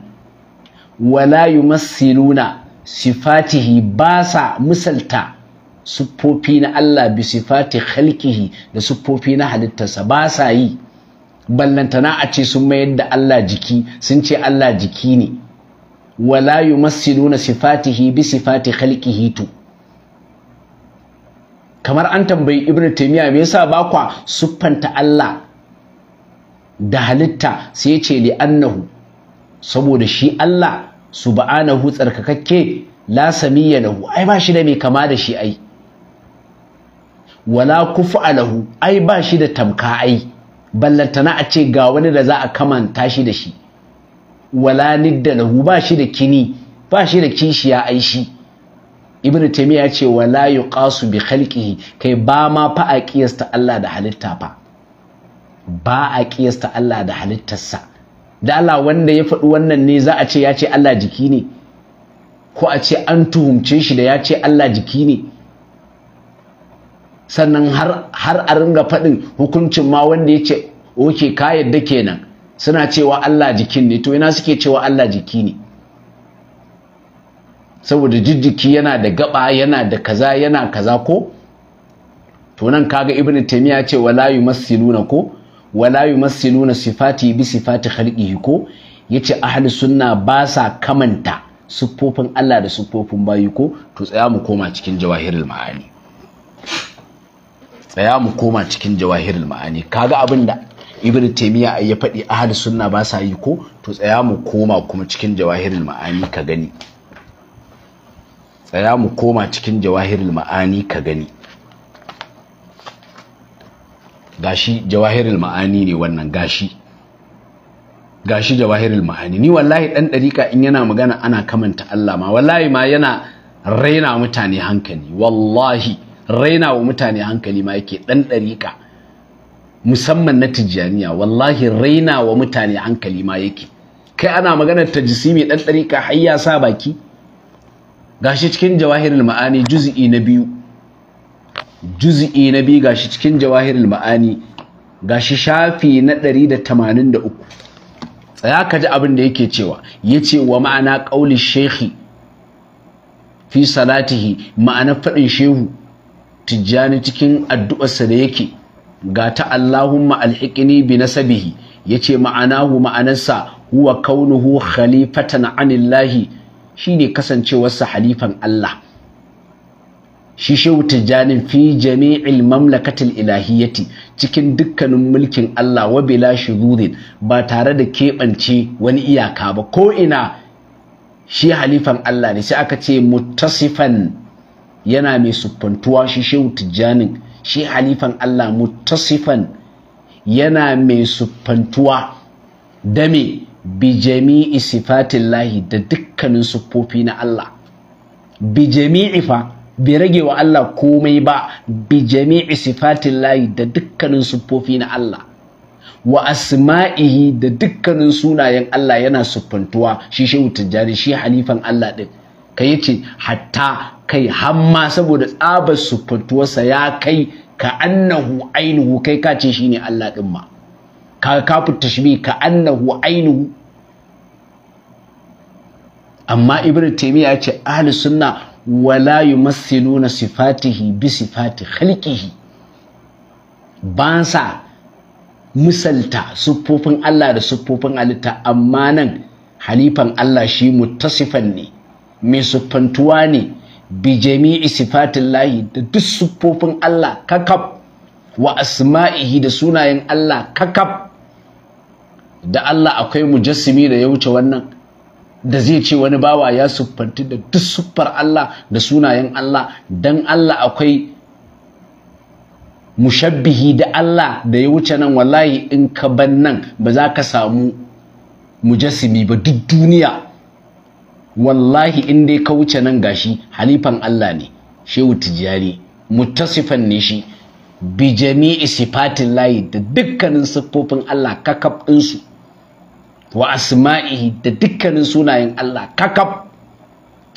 wala yumassiluna sifatihi ba sa misalta siffofi na Allah bi sifati khalqihi da siffofi na halittarsa ba sa yi ballantana a ce sun mayar da Allah jiki sun ce Allah jiki ne wala na sifatihi bi sifati khalqihi tu kamar an tambayi ibnu taymiya me yasa ba kwa suffanta Allah da halitta sai ya ce li annahu saboda shi Allah subhanahu tsarkakakke la samiyya lahu ai ba shi da mai kama da shi ai wala kufu alahu ai ba shi da tamka ai ballantana a ce ga wani da za a kamanta shi da shi wala nidda lahu ba shi da kini ba shi da kishiya ai shi ibn taymiya ya ce wala yuqasu bi khalqihi kai ba ma fa a kiyasta Allah da halitta fa ba a kiyasta Allah da halittarsa da Allah wanda ya faɗi wannan ne za a ce ya ce Allah jiki ne ko a ce an tuhumce shi da ya ce Allah jiki ne sannan har a ringa faɗin hukuncin ma wanda ya ce oke ka yadda kenan suna cewa Allah jikin ne to ina suke cewa Allah jiki ne saboda jijjiki yana da gaba yana da kaza yana kaza ko to nan kaga Ibn taymiya ce wala yumassiluna ko wala yumassiluna sifati bi sifati khalqihi ko yace ahli sunna ba sa kamanta siffofin Allah da siffofin bayi ko to tsaya mu koma cikin jawahirul ma'ani tsaya mu koma cikin jawahirul ma'ani kaga abin da ibn taymiya ya faɗi ahad sunna ba sa yi ko to tsaya mu koma kuma cikin jawahirul ma'ani ka gani tsaya mu koma cikin jawahirul ma'ani ka gani gashi jawahirul ma'ani ne wannan gashi gashi jawahirul ma'ani ni wallahi dan dariƙa in yana magana ana kamanta Allah ma wallahi ma yana raina mutane hankali wallahi raina wa mutane hankali ma yake dan dariƙa musamman na tijjaniya wallahi raina wa mutane hankali ma yake kai ana maganar tajisimi dan dariƙa har ya sa baki gashi cikin jawahirul ma'ani juz'i na biyu juz'i na biyu gashi cikin jawahirul ma'ani gashi shafi na 183 tsaya ka ji abin da yake cewa yace wa ma'ana qauli shekhi fi salatihi ma'ana fadin shehu tijjani cikin addu'arsa da yake ga ta Allahumma alhiqni bi nasabihi yace ma'anahu ma'anarsa huwa kaunuhu khalifatan anillahi shine kasancewarsa halifan Allah shi shehu tijjanin fi jami'il mamlakatil Ilahiyati, cikin dukkanin mulkin Allah wa bila shuzurin ba tare da keɓance wani iyaka ba ko ina shi halifan Allah ne sai aka ce muttasifan yana mai siffantuwa shi shehu tijjanin shi halifan Allah mutasifan yana mai siffantuwa da me bi jami'i lahi da dukkanin siffofi na Allah bi jami'i fa bai rage wa Allah komai ba bi jami'i lahi da dukkanin siffofi na Allah wa asma'ihi da dukkanin sunayen Allah yana siffantuwa shi shehu tijjani shi halifan Allah din kai yace hatta kai hamma saboda tsabar sufantuwarsa ya kai ka annahu ainihu kai ka ce shi ne Allah ɗin ma ka kafu tashbih ka annahu ainihu amma ibn taymiya ya ce ahli sunna wala yumassiluna sifatihi bi sifati khalqihi ba sa misalta siffofin Allah da siffofin halitta amma nan halifan Allah shi mutasifan ne mai sufantuwa ne bi jami'i lahi da duk siffofin Allah kakab wa asma'ihi da sunayen Allah kakab da Allah akwai mujassimi da ya wuce wannan da zai ce wani bawa ya siffanti da duk siffar Allah da sunayen Allah dan Allah akwai mushabbihi da Allah da ya wuce nan wallahi in ka ban nan ba za ka samu mujassimi ba duk duniya wallahi in dai ka wuce nan gashi halifan Allah ne shehu tijjani muttasifan ne shi bi jami'i sifatin layi da dukkanin siffofin Allah kakaf ɗinsu wa asma'ihi da dukkanin sunayen Allah kakab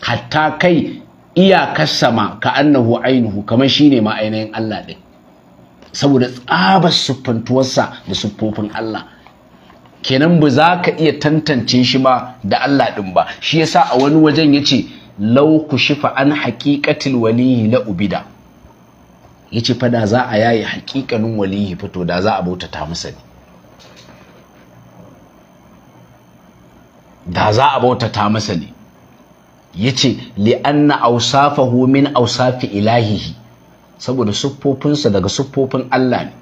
hatta kai iyakar sama ka annahu ainihu kamar shine ma Allah ɗin saboda tsabar siffantuwarsa da siffofin Allah kenan ba za ka iya tantance shi ba da Allah ɗin ba shi yasa a wani wajen yace ce lau ku shifa an haƙiƙatil waliyi la ubida ya ce fada za a yaye haƙiƙanin waliyi fito da za a bautata masa ne da za a bautata masa ne ya ce li'anna ausafahu min ausafi ilahihi saboda siffofinsa daga siffofin Allah ne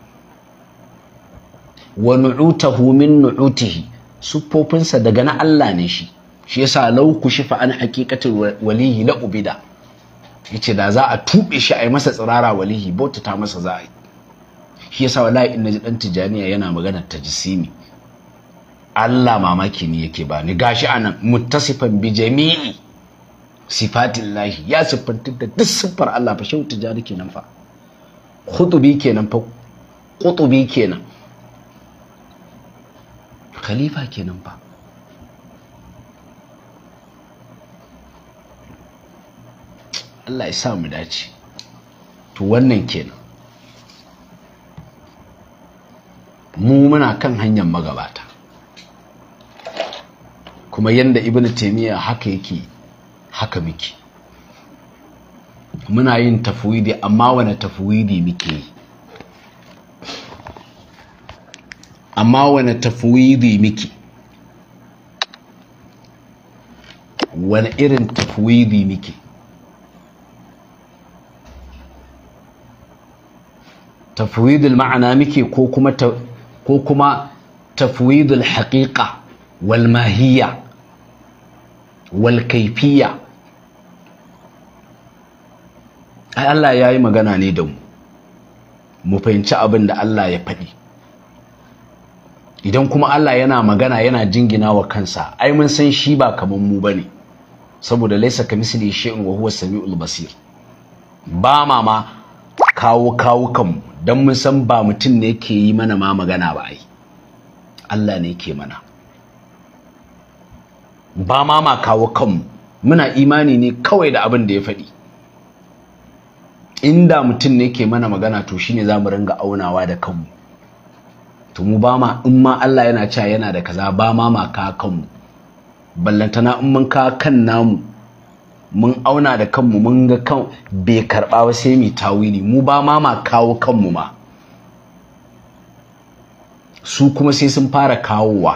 wa nu'utahu min nu'utihi Sifofinsa daga na Allah ne shi shi yasa lau ku shifa an haqiqatul walihi la ubida yace da za a tube shi a yi masa tsirara walihi bauta ta masa za a yi shi yasa wallahi inna dan tijaniya yana magana ta jisimi Allah mamaki ne yake ba ni gashi anan muttasifan bi jami'i sifatillahi ya sifantar da duk siffar Allah fa shehu tijani kenan fa khutubi kenan fa qutubi kenan khalifa kenan ba Allah ya sa mu dace to wannan kenan mu muna kan hanyar magabata kuma yanda ibn taymiya haka yake haka muke muna yin tafwidi amma wani tafwidi muke yi amma wane tafwidi miki wani irin tafwidi miki tafwidi ma'ana miki ko kuma ko haƙiƙa tafwidul haqiqa wal mahiyya wal ai Allah yayi magana ne da mu mu fahimci abin da Allah ya faɗi idan kuma Allah yana magana yana jingina wa kansa ai mun san shi ba kaman mu bane saboda laisa kamisli shay'un wa huwa samiul basir ba mama kawo kawo kanmu dan mun san ba mutum ne yake yi mana ma magana ba ai Allah ne ke mana ba ma ma kawo kanmu muna imani ne kawai da abin da ya faɗi inda mutum ne ke mana magana to shine za mu ringa aunawa da kanmu to mu ba ma in ma Allah yana cewa yana da kaza ba ma ma ka kanmu ballantana in mun ka kan namu mun auna da kanmu mun ga kan bai karɓa ba sai mu tawili mu ba ma ma kawo kanmu ma su kuma sai sun fara kawowa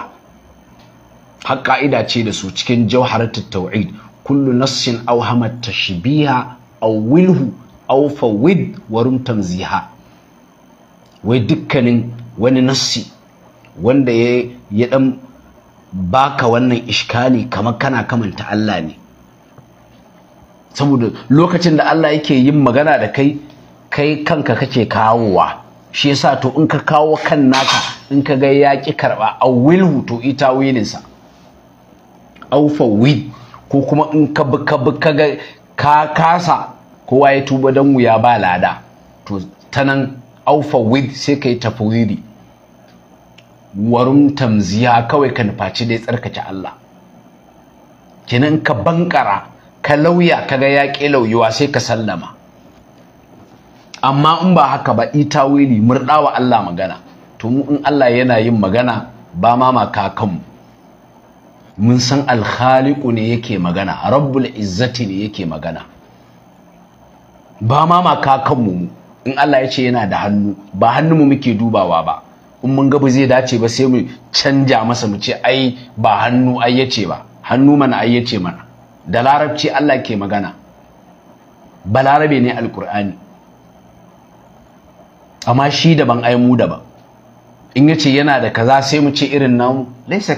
har ka'ida ce da su cikin jawharatul tauhid kullu nassin aw hamat tashbiha aw wilhu aw fawid warum tanziha tamziha wai dukkanin wani nassi wanda ya ɗan dan baka wannan ishkali kamar kana kamanta Allah ne saboda lokacin da Allah yake yin magana da kai kai kanka kake kawowa shi yasa to in ka kawo kan naka in ka ga ya ki karba wilhu to ita wilinsa aufa wil ko kuma in ka bi ka ga ka kasa kowa ya tuba dan wuya ba lada to tanan aufa wid sai kai tafwidi warum tamziya kawai ka nufaci dai tsarkake Allah kinan ka bankara ka lauya ka ga yaƙi lauyuwa sai ka sallama amma in ba haka ba ita wili murdawa Allah magana to mu in Allah yana yin magana ba ma makakan mun san alkhaliqu ne yake magana rabbul izzati ne yake magana ba ma makakan mu in Allah ya ce yana da hannu ba hannu mu muke dubawa ba in mun ga ba zai dace ba sai mu canja masa mu ce ai ba hannu ai yace ba hannu mana ai ce mana da larabci Allah ke magana balarabe ne alkur'ani amma shi daban ai mu daban in ya ce yana da kaza sai mu ce irin namu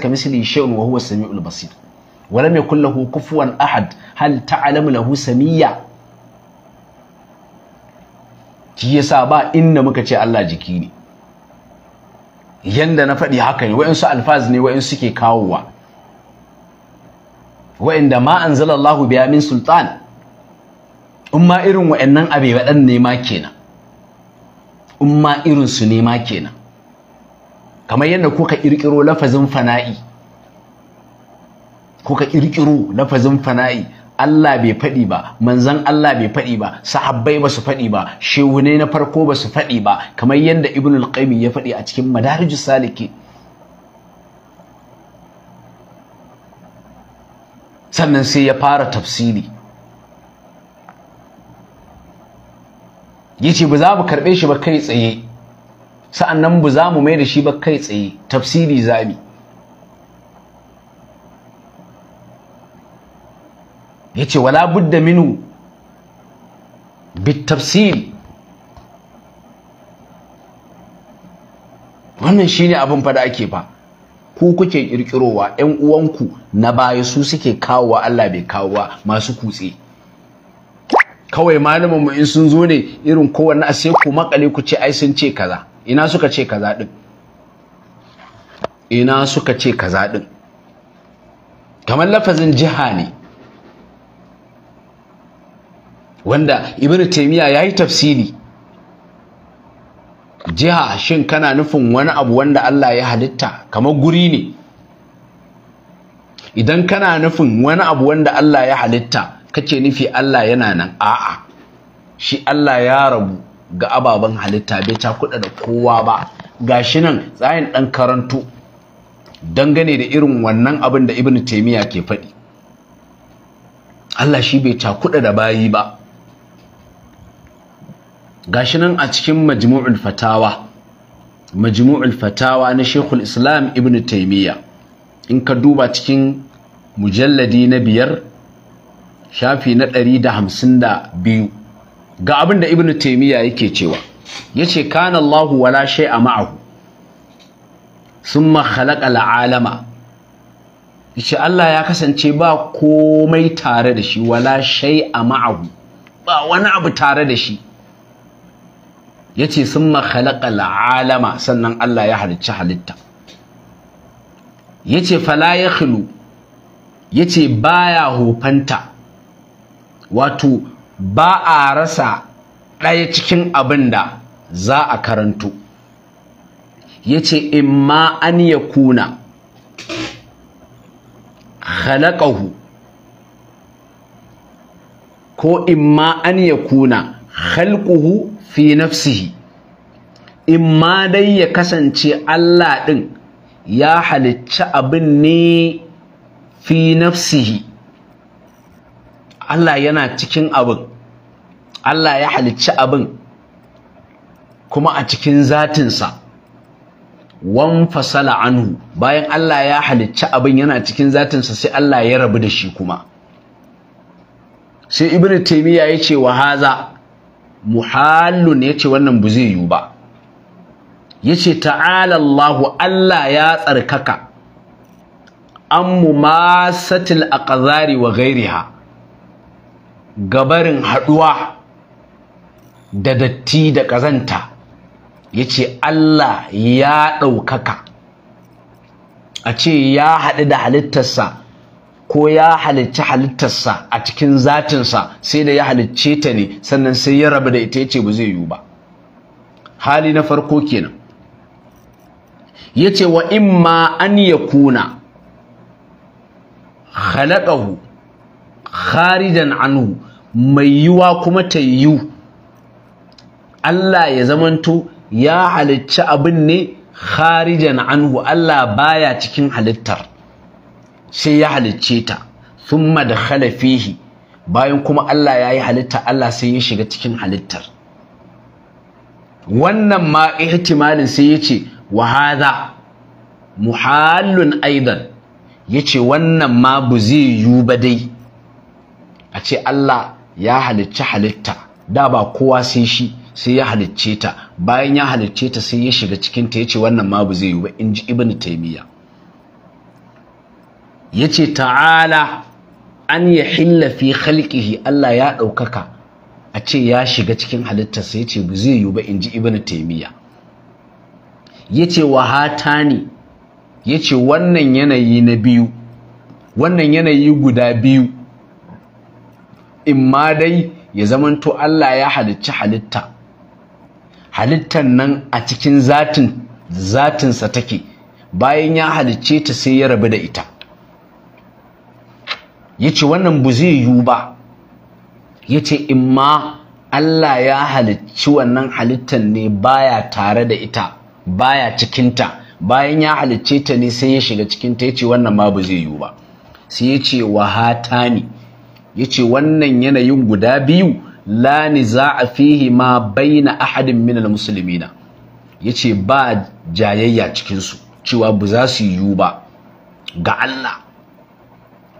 ka misali shay'un wa huwa samiul basir wala mai kulle kufuwan ahad hal ta'lamu lahu samiyya shi yasa ba inda muka ce Allah jiki ne yanda na faɗi haka ne waɗansu alfaz ne waɗansu suke kawowa Waɗanda ma anzalallahu biya min sultan in ma irin wa'annan abe waɗan ne ma kenan in ma irin su ne ma kenan kamar yadda kuka ƙirƙiro lafazin fana'i kuka ƙirƙiro lafazin fana'i Allah bai faɗi ba manzon Allah bai faɗi ba sahabbai ba su faɗi ba shehunai na farko ba su faɗi ba kamar yadda Ibn al-Qayyim ya faɗi a cikin Madarijus Saliki sannan sai ya fara tafsiri yace ba za mu karbe shi ba kai tsaye sa'annan ba za mu mai da shi ba kai tsaye tafsiri zabi yace wala budda minu tafsiri wannan shine abin fada ake fa ku kuke kirkirowa 'yan uwanku na baya su suke kawowa Allah bai kawo wa masu kutse kawai malaman mu in sun zo ne irin kowanne a sai ku makale ku ce ai sun ce kaza ina suka ce kaza din ina suka ce kaza din kamar lafazin jiha ne wanda ibn ya yi tafsiri jiha shin kana nufin wani abu wanda Allah ya halitta kamar guri ne idan kana nufin wani abu wanda Allah ya halitta kace nufi Allah yana nan a'a shi Allah ya rabu ga ababen halitta bai kuɗa da kowa ba Ga shi nan tsayin ɗan karantu dangane da irin wannan abin da ibn taimiyya ke faɗi Allah shi bai kuɗa da bayi ba gashi nan a cikin majmu'ul fatawa majmu'ul fatawa na shekul islam ibn taimiyya in ka duba cikin mujalladi na biyar shafi na ɗari da hamsin da biyu ga abin da ibn taimiyya yake cewa ya ce kana allahu wala shai a ma'ahu sun khalaqa la'alama. ya ce allah ya kasance ba komai tare da shi wala shai a ma'ahu ba wani abu tare da shi yace summa khalaqal la'alama sannan Allah ya halicci halitta yace fala yakhlu yace baya hofanta wato ba a rasa ɗaya cikin abin da za a karanto yace imma an yakuna khalaqahu ko imma an yakuna khalquhu fi nafsihi in ma dai ya kasance Allah ɗin ya halicci abin ne fi nafsihi Allah yana cikin abin Allah ya halicci abin kuma a cikin zatinsa wan fasala anhu bayan Allah ya halicci abin yana cikin zatinsa sai Allah ya rabu da shi kuma sai ibnu taymiya yace wa haza muhallun ya ce wannan bu zai yiwu ba ya ce ta'ala Allahu Allah ya tsarkaka an a ƙazari wa ghairiha gabarin haɗuwa. da datti da kazanta yace Allah ya ɗaukaka. a ce ya haɗu da halittarsa ko ya halicci halittarsa a cikin zatinsa sai da ya halicce ta ne sannan sai ya rabu da ita ya ce ba zai yiwu ba hali na farko kenan ya ce wa in ma an ya kuna halakahu kharijan anhu mai yiwa kuma ta yiwu Allah ya zamanto ya halicci abin ne kharijan anhu Allah baya cikin halittar sai ya halicce ta thumma dakhala fihi bayan kuma Allah ya yi halitta Allah sai ya shiga cikin halittar wannan ma ihtimalin sai ya ce wa hadha muhallun aidan ya ce wannan ma bu zai yi ba dai a ce Allah ya halicci halitta da ba kowa sai shi sai ya halicce ta bayan ya halicce ta sai ya shiga cikinta ya ce wannan ma bu zai yi ba in ji taimiyya yace ta'ala an yahilla fi khalqihi Allah ya ɗaukaka a ce ya shiga cikin halittarsa yace bu zai yiwu ba inji ibnu taymiya yace wa hatani yace wannan yanayi na biyu wannan yanayi guda biyu imma dai ya zamanto Allah ya halicci halitta halittan nan a cikin zatin zatinsa take bayan ya halicce ta sai ya rabu da ita ya ce wannan bu zai yiwu ba ya ce ma Allah ya halicci wannan halittar ne baya tare da ita baya cikinta bayan ya halicce ta ne sai ya shiga cikinta ya ce wannan ma ba zai yiwu ba sai ya ce wahata ne ya ce wannan yanayin guda biyu la za a fihi ma baina ahadin minal musulmina ya ce ba jayayya cikinsu cewa bu za su yiwu ba ga Allah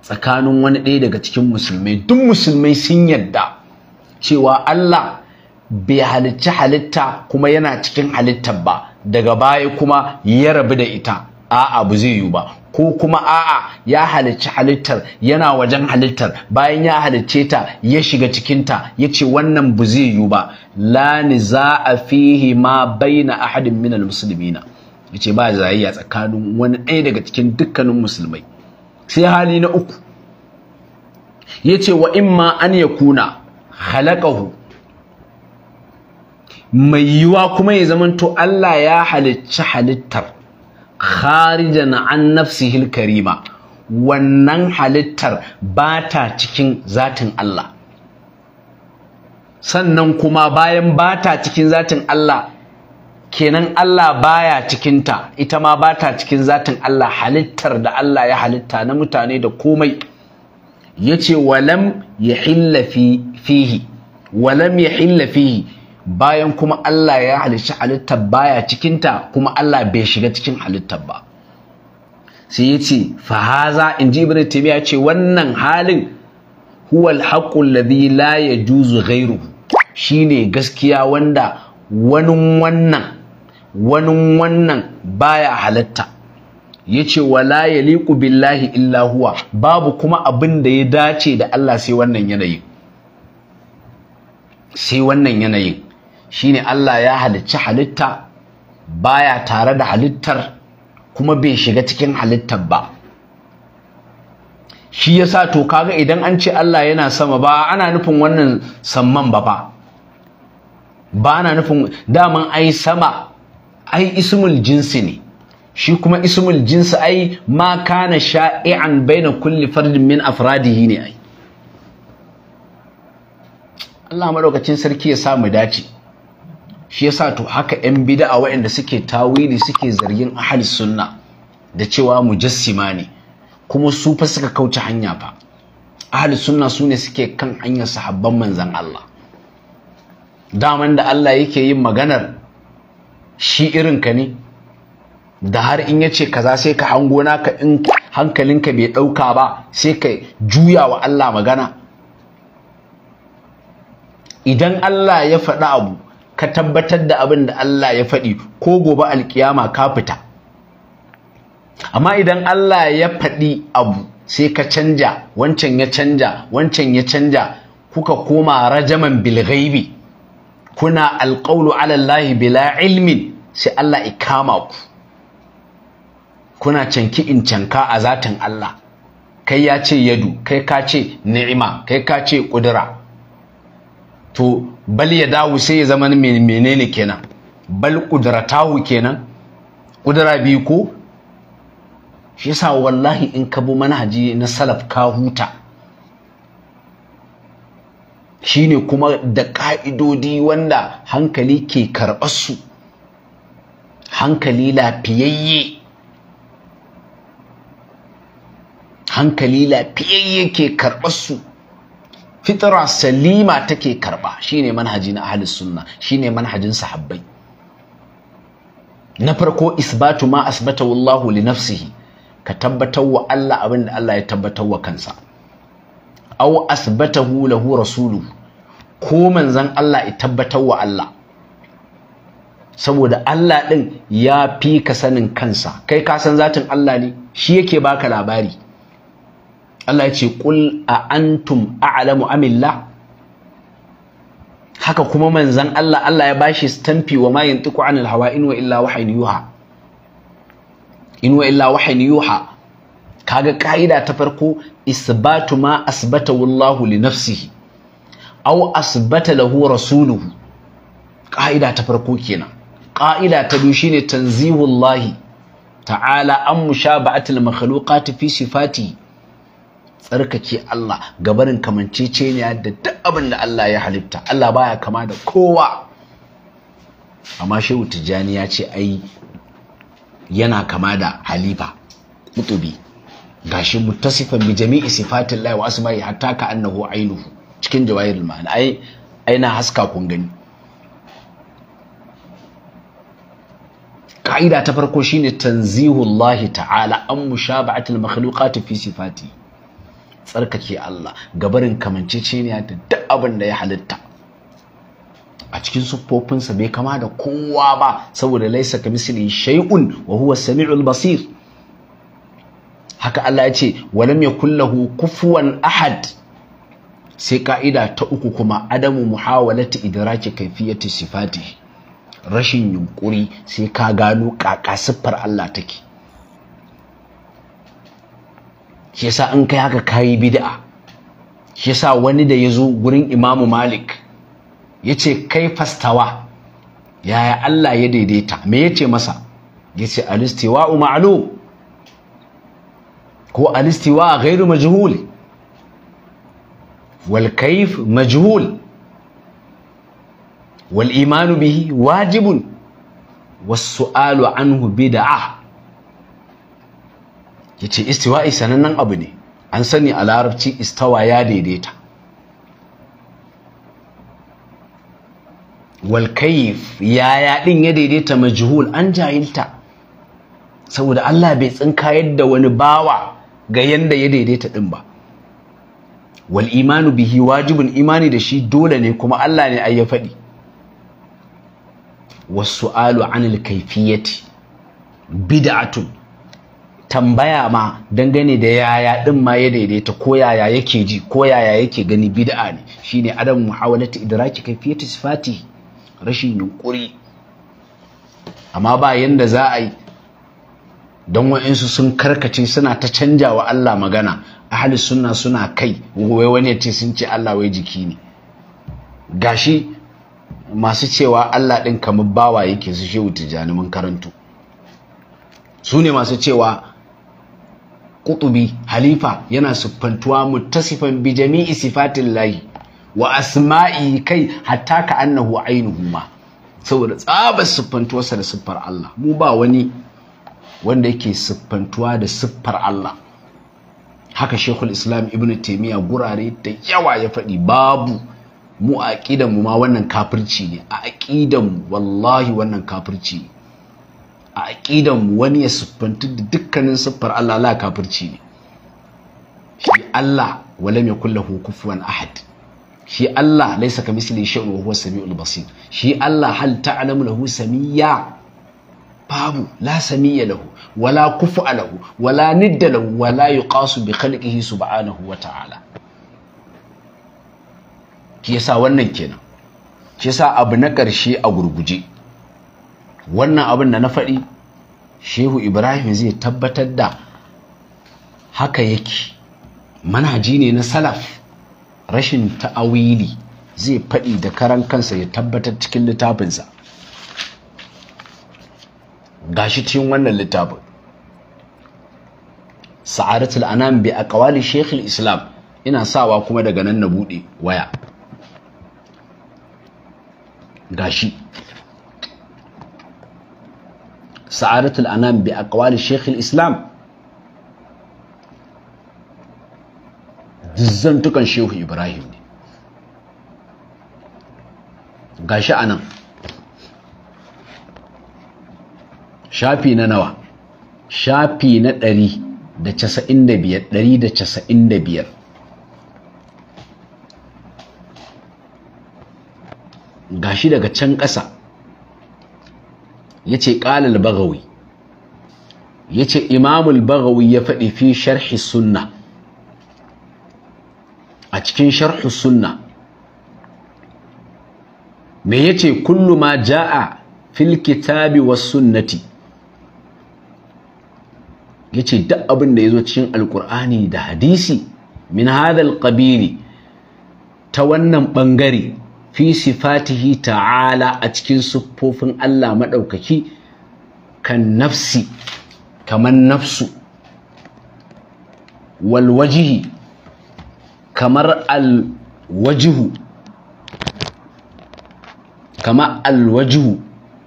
tsakanin wani ɗaya daga cikin musulmai duk musulmai sun yadda cewa Allah bai halicci halitta kuma yana cikin halittar ba daga baya kuma ya rabu da ita a'a ba zai yiwu ba ko kuma a'a ya halicci halittar yana wajen halittar bayan ya halicce ta ya shiga cikinta ya ce wannan ba zai yiwu ba la a fihi ma baina ahadin minal muslimina ce ba zayayya tsakanin wani ɗaya daga cikin dukkanin musulmai sai hali na uku yace wa imma an yakuna khalaqahu mai yiwa kuma ya zamanto Allah ya halicci halittar kharijan an nafsihil karima wannan halittar ba ta cikin zatin Allah sannan kuma bayan ba ta cikin zatin Allah kenan Allah baya cikinta ita ma ba ta cikin zatin Allah halittar da Allah ya halitta na mutane da komai ya ce walam ya fihi walam ya fihi bayan kuma Allah ya halicci halittar baya cikinta kuma Allah bai shiga cikin halittar ba sai ya ce fahaza in ji ibn taymiya ce wannan halin huwal haqqul ladhi la yajuzu ghayruhu shine gaskiya wanda wani wannan wani wannan baya halatta yace wala yaliqu billahi illa huwa babu kuma abin da ya dace da Allah sai wannan yanayin sai wannan yanayin shine Allah ya halicci halitta baya tare da halittar kuma bai shiga cikin halittar ba shi yasa to kaga idan an ce Allah yana sama ba ana nufin wannan samman ba ba ba na nufin daman ai sama ai ismul jinsi ne shi kuma ismul jinsi ai ma kana sha'i'an baina kulli fardin min afradihi ne ai Allah madaukakin sarki ya sa mu dace shi yasa to haka yan bid'a waɗanda suke tawili suke zargin ahli sunna da cewa mujassima ne kuma su fa suka kauce hanya fa ahli sunna sune suke kan hanyar sahabban manzon Allah daman da Allah yake yin maganar shi irin ka ne da har in yace kaza sai ka hango naka in hankalinka bai ɗauka ba sai ka juya wa Allah magana idan Allah ya faɗi abu ka tabbatar da abin da Allah ya faɗi ko gobe alkiyama ka fita amma idan Allah ya faɗi abu sai ka canja wancan ya canja wancan ya canja kuka koma rajaman bilghaibi kuna alƙaulu alallahi bila ilmin sai Allah ya kama ku kuna canki in canka a zatin Allah kai ya ce yadu kai ka ce ni'ima kai ka ce ƙudura to bal ya dawo sai ya zama menene kenan bal ƙudratahu kenan ƙudura biyu ko shi yasa wallahi in ka bi manhaji na salaf ka huta shine kuma da ƙa'idodi wanda hankali ke karɓarsu hankali lafiyayye hankali lafiyayye ke karɓarsu fitra salima take karɓa shine manhaji na ahli sunna shine manhajin sahabbai na farko isbatu ma asbata wallahu li nafsihi ka tabbatar wa Allah abin da Allah ya tabbatar wa kansa Au asbatahu lahu rasuluhu ko manzan Allah ya tabbatar wa Allah saboda Allah ɗin ya fi ka sanin kansa kai ka san zatin Allah ne shi yake baka labari Allah ya ce qul a antum a'lamu amilla haka kuma manzan Allah Allah ya bashi stampi wa ma yantiqu anil hawa in wa illa wahyin yuha in wa illa wahyin yuha kaga ka'ida ta farko isbatu ma asbata wallahu li nafsihi Au asbata lahu rasuluhu ƙa'ida ta farko kenan ƙa'ida ta biyu shine tanzihullahi ta'ala an mu mushaba'atil makhluqati fi sifati tsarkake Allah gabarin kamanceceniya da duk abin da Allah ya halitta Allah baya kama da kowa amma shehu tijjani ya ce ai yana kama da halifa mutubi gashi muttasifan bi jami'i sifatin lahi wa asma'i hatta ka annahu ainuhu cikin jawahirul ma'ani ai ai na haska kun gani ka'ida ta farko shine tanzihullahi ta'ala an mushaba'atul makhluqati fi sifati tsarkake Allah gabarin kamanceceniya da duk abin da ya halitta a cikin siffofinsa bai kama da kowa ba saboda laisa ka misli shay'un wa huwa samiul basir haka Allah ya ce walam yakullahu kufuwan ahad sai ka'ida ta uku kuma adamu muhawalati idraki kaifiyati sifati rashin yunkuri sai ka gano kaka siffar Allah take shi yasa in kai haka kayi bid'a shi yasa wani da ya zo gurin Imamu Malik ya ce kai fastawa yaya Allah ya daidaita me ya ce masa ya ce ma'lum ko alistiwa ghairu majhul wal kayf majhul wal imanu bihi wajibun was su'alu anhu bid'ah yace istiwa'i sanannen abu ne an sani a larabci istawa ya daidaita wal yaya din ya daidaita majhul an jahilta saboda Allah bai tsinkayar da wani bawa ga yanda ya daidaita din ba wal imanu bihi wajibin imani da shi dole ne kuma Allah ne ayya ya faɗi wasu'alu anil kaifiyati bid'atun tambaya ma dangane da yaya din ma ya daidaita ko yaya yake ji ko yaya yake gani bid'a ne shine adam muhawalati idraki kayfiyati sifati rashin yunkuri amma ba yanda za a yi don wa'insu sun karkace suna ta canja wa Allah magana ahli sunna suna kai wai wani ce sun ce Allah wai jiki ne gashi masu cewa Allah ɗin kamar bawa yake su shehu tijjani mun karantu su ne masu cewa kutubi halifa yana siffantuwa muttasifan bi jami'i sifatin layi wa asma'i kai hatta ka annahu ainihu ma saboda tsabar siffantuwarsa da siffar Allah mu ba wani wanda yake siffantuwa da siffar Allah haka shekul islam ibn taimiyya gurare da yawa ya faɗi babu mu a ƙidanmu ma wannan kafirci ne a aƙidanmu wallahi wannan kafirci ne a aƙidanmu wani ya siffantu da dukkanin siffar Allah la kafirci ne shi Allah wala mai kulla hukufuwan ahad shi Allah laisa ka misli shan wa huwa sami basir shi Allah hal ta'lamu lahu samiyya babu la samiyya lahu wala kufu alahu wala nidda lahu wala yuqasu bi ba subhanahu wa ta'ala yasa wannan kenan shi yasa abu na karshe a gurguje wannan abin da na faɗi shehu ibrahim zai tabbatar da haka yake manhaji ne na salaf rashin ta'awili zai faɗi da karan kansa ya tabbatar cikin littafinsa gashi cikin wannan littafin sa'aratul anam bi aqwali shaykhul islam ina sawa kuma daga nan na bude waya gashi sa'aratul anam bi aqwali shaykhul islam dizzantukan shehu ibrahim ne gashi anan shafi na nawa shafi na ɗari da casa'in da biyar ɗari da casa'in da biyar gashi daga can ƙasa ya ce ƙalal bagawi ya ce imamul bagawi ya faɗi fi sharhi sunna a cikin sharhi sunna me ya ce kullu ma ja'a fil kitabi was sunnati yace duk abin da yazo cikin alkur'ani da hadisi min hadal qabili ta wannan bangare fi sifatihi ta'ala a cikin siffofin Allah madaukaki kan nafsi kaman nafsu wal wajihi kamar al wajihu kamar al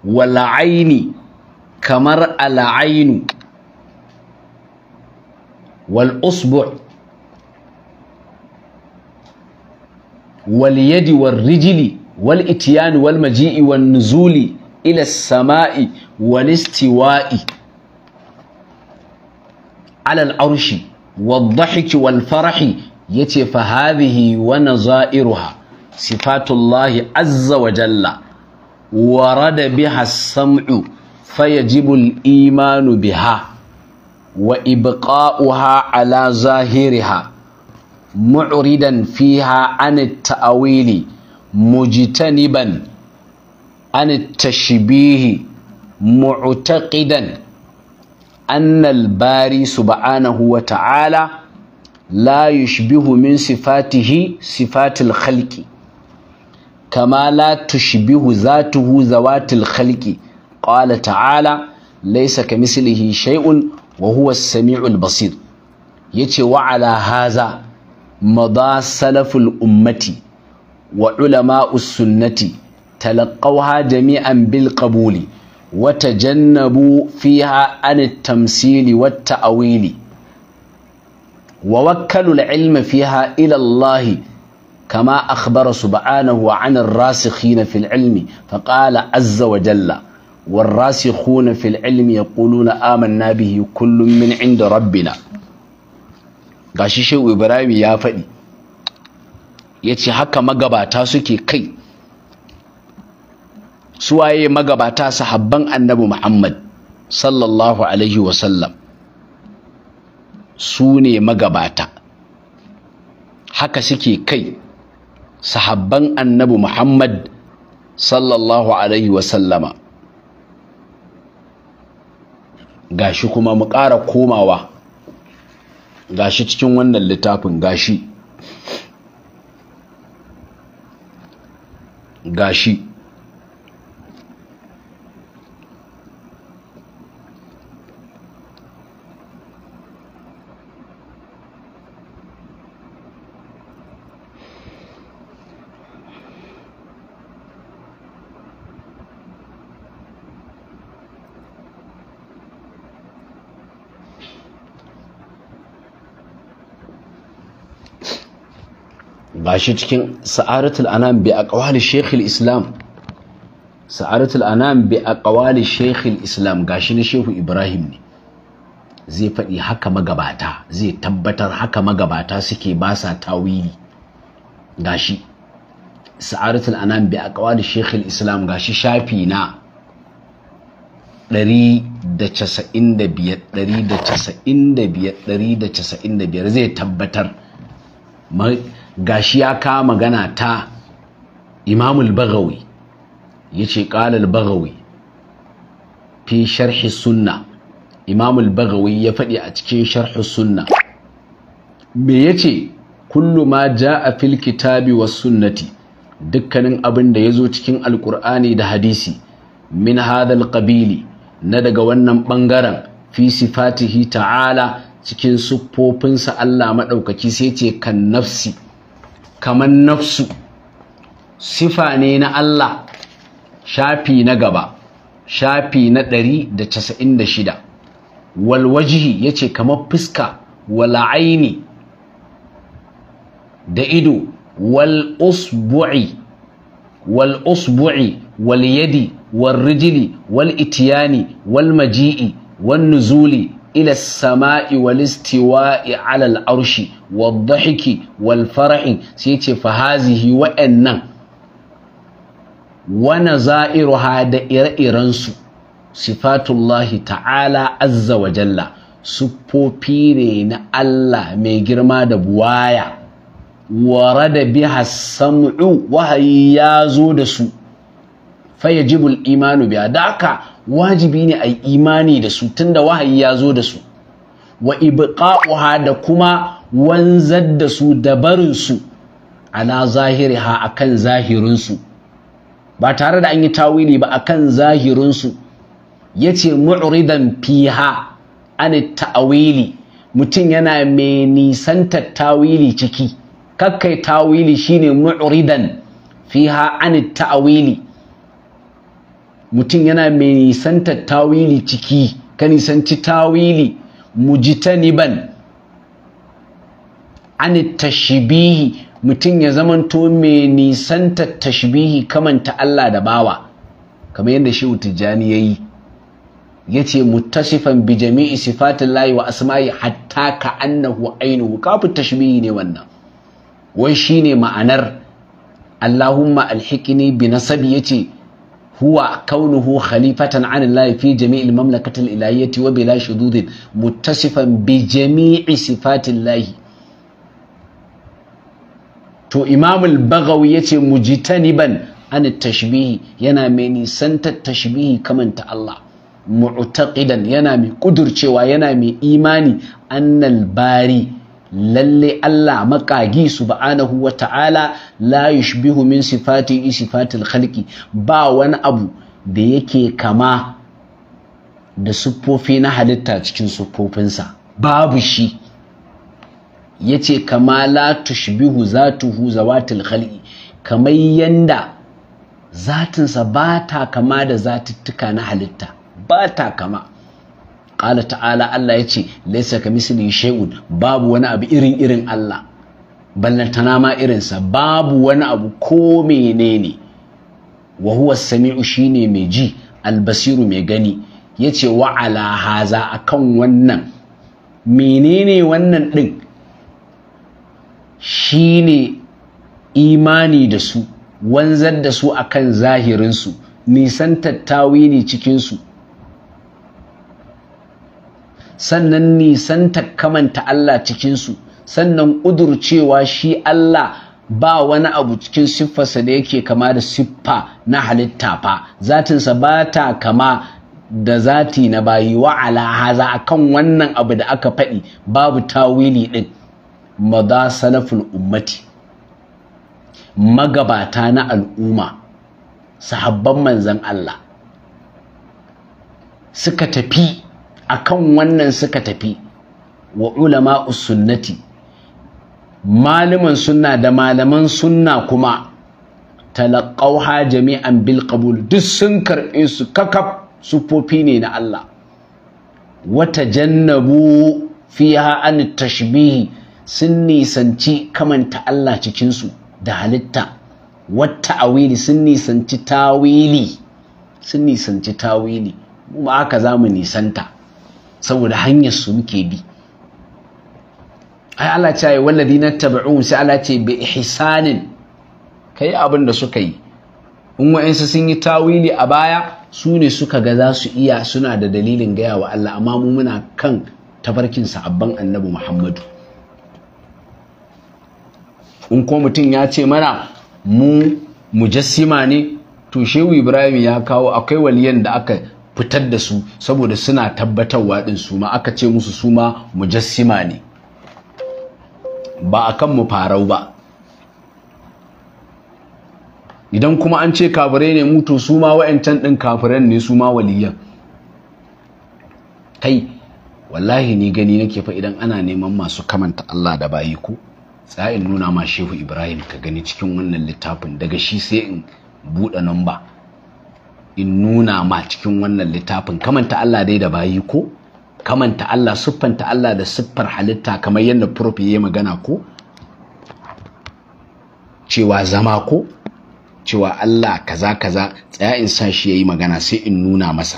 wal aini kamar al ainu wal usbu' wal yadi wal wal itiyani wal maji'i wan nuzuli ila samai wal istiwa'i ala al arshi wal dhahiki wal farahi yace fa hadhihi wa nazairuha sifatullahi azza wa jalla warada biha as-sam'u fayajibu al-imanu biha wa ibqa'uha ala zahiriha mu'ridan fiha an at-ta'wili mujtaniban an at-tashbih mu'taqidan أن الباري سبحانه وتعالى لا يشبه من صفاته صفات الخلق كما لا تشبه ذاته ذوات الخلق قال تعالى ليس كمثله شيء wa huwa samiul basir yace wa haza mada salaful ummati wa ulama'us sunnati talaqawha jami'an bil qabuli wa tajannabu fiha an at-tamsili wat ta'wili wa wakkalu al fiha ila Allah kama akhbara subhanahu wa 'an ar-rasikhina fil ilmi faqala azza wa jalla والراسخون في العلم يقولون آمنا به كل من عند ربنا gashi shehu ibrahim ya faɗi ya ce haka magabata suke kai suwaye magabata sahabban annabi muhammad sallallahu alaihi wasallam su ne magabata haka suke kai sahabban annabi muhammad sallallahu alaihi wasallama gashi kuma mu ƙara komawa gashi cikin wannan littafin gashi gashi shi cikin sa'aratul anam bi aqwali shaykhul islam sa'aratul anam bi aqwali shaykhul islam gashi na shehu ibrahim ne zai faɗi haka magabata zai tabbatar haka magabata suke ba sa tawili gashi sa'aratul anam bi aqwali shaykhul islam gashi shafi na 195 zai tabbatar gashi ya kawo magana ta imamul bagawi ya ce ƙalal bagawi fi sharhi sunna imamul bagawi ya faɗi a cikin sharhi sunna me ya ce kullu ma ja a fil kitabi wa sunnati dukkanin abin da ya zo cikin Alkur'ani da hadisi min hadal ƙabili na daga wannan ɓangaren fi sifatihi ta'ala cikin siffofinsa Allah maɗaukaki sai ce kan nafsi kamar nafsu sifa ne na Allah shafi na gaba shafi na ɗari da casa'in da shida walwajihi ya ce kamar fuska wala da ido wal wal'usbu'i wal usbu'i wal yadi wal rijili wal wal maji'i wal nuzuli إلى السماء والاستواء على العرش والضحك والفرح سيتي فهذه وأن ونزائر هذا إرئرنس صفات الله تعالى عز وجل سبوبيرين الله ميجرما دبوايا ورد بها السمع وهي يازود سوء فيجب الإيمان بها دعك wajibi ne a yi imani da su tunda wahayi ya zo da su wa ibqa'uha da kuma wanzar da su da barin su ala zahiriha akan zahirin su ba tare da an yi tawili ba akan zahirin su yace mu'ridan fiha an ta'wili mutum yana mai nisantar tawili ciki kakkai tawili shine mu'ridan fiha an ta'wili mutum yana mai nisanta tawili ciki ka nisanci tawili mujtaniban an tashbihi mutum ya zamanto mai nisanta tashbihi kamanta Allah da bawa kamar yadda shehu tijjani yayi yace muttasifan bi jami'i sifatillahi wa asma'i hatta ka annahu ainihu kafu tashbihi ne wannan wai shine ma'anar Allahumma alhikini bi nasabi yace huwa kaunuhu khalifatan an Allah fi jami'il mamlakatil ilahiyyati wa bila shududin muttasifan bi jami'i sifatin lahi to imam al-baghawi yace taniban an tashbihi yana mai nisantar tashbihi kamanta Allah mu'taqidan yana mai kudurcewa yana mai imani annal bari lalle Allah makagi subhanahu wa ta'ala la yushbihu min sifati sifatil khalqi ba wani abu da yake kama da siffofi na halitta cikin siffofinsa babu shi yace kama la tushbihu zatuhu zawatil khalqi kamar yanda zatinsa ba ta kama da zatuttuka na halitta ba ta kama qala ta'ala Allah yace laysa kamisli shay'un babu wani abu irin irin Allah ballantana ma irinsa babu wani abu ko menene wa huwa sami'u shine mai ji albasiru mai gani yace wa ala haza akan wannan menene wannan din shine imani da su wanzar da su akan zahirinsu nisan tattawini cikinsu sannan nisan kamanta Allah cikinsu sannan ƙudurcewa shi Allah ba wani abu cikin siffarsa da yake kama da siffa na halitta fa zatinsa ba ta kama da zati na bayi wa ala haza akan wannan abu da aka faɗi babu tawili ɗin maza salaful ummati magabata na al'umma sahabban manzan Allah suka tafi akan wannan suka tafi wa ulama sunnati malaman sunna da malaman sunna kuma talaqauha jami'an bil qabul duk sun karɓi su kakaf sufofi ne na Allah wata jannabu fiha an tashbihi sun nisanci kamanta Allah cikinsu da halitta wata awili sun nisanci tawili sun nisanci tawili mu haka zamu nisanta saboda hanyar su muke bi ai Allah ce walladina tabi'un sai Allah ce bi ihsanin kai abin da suka yi in wa'ansu sun yi tawili a baya su ne suka ga za su iya suna da dalilin gaya wa Allah amma mu muna kan tafarkin sahabban annabi Muhammadu in ko mutum ya ce mana mu mujassima ne to shehu Ibrahim ya kawo akwai waliyan da aka fitar da su saboda suna tabbatarwa din su ma aka ce musu su ma mujassima ne ba a kan mu farau ba idan kuma an ce kafirai ne mutu su ma wa'ancan ɗin kafiran ne su ma waliyan kai wallahi ni gani nake fa idan ana neman masu kamanta Allah da bayi ko in nuna ma shehu ibrahim ka gani cikin wannan littafin daga shi sai in buɗe namba in nuna ma cikin wannan littafin kamanta Allah dai da bayi ko kamanta Allah siffanta Allah da siffar halitta kamar yadda prof ya magana ko cewa zama ko cewa Allah kaza kaza tsaya in sa shi yayi magana sai in nuna masa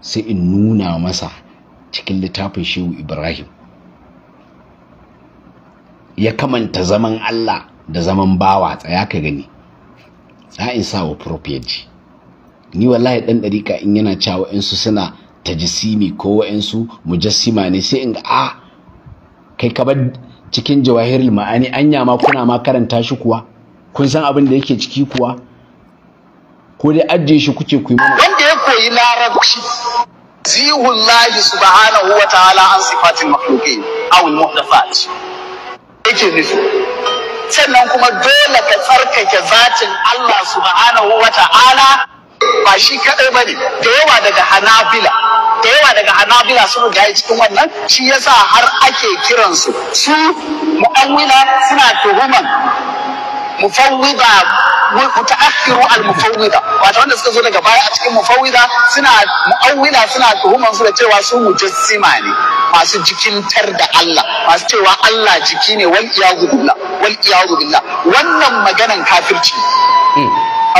sai in nuna masa cikin littafin Shehu Ibrahim ya kamanta zaman Allah da zaman bawa tsaya ka gani a in sa wa prof ni wallahi dan ɗarika in yana cewa wa'insu suna tajisimi ko wa'insu mujassima ne sai in ga a kai ka bar cikin jawahirul ma'ani anya ma kuna ma karanta shi kuwa kun san abin da yake ciki kuwa ko dai ajiye shi kuke ku yi mana wanda ya koyi larabci zihullahi subhanahu wa ta'ala an sifatin makhluqin aw al-muhdathat yake nufi sannan kuma dole ka tsarkake zatin Allah subhanahu wa ta'ala ba shi kaɗai ba ne da yawa daga hanabila da yawa daga hanabila sun gaya cikin wannan shi yasa har ake kiransu su mu'awwila suna tuhuman mufawwida mutaakhiru al-mufawwida wato wanda suka zo daga baya a cikin mufawwida suna mu'awwila suna tuhuman su da cewa su mujassima ne masu jikintar da Allah masu cewa Allah jiki ne wal iyadu billah wal iyadu billah wannan maganan kafirci hmm.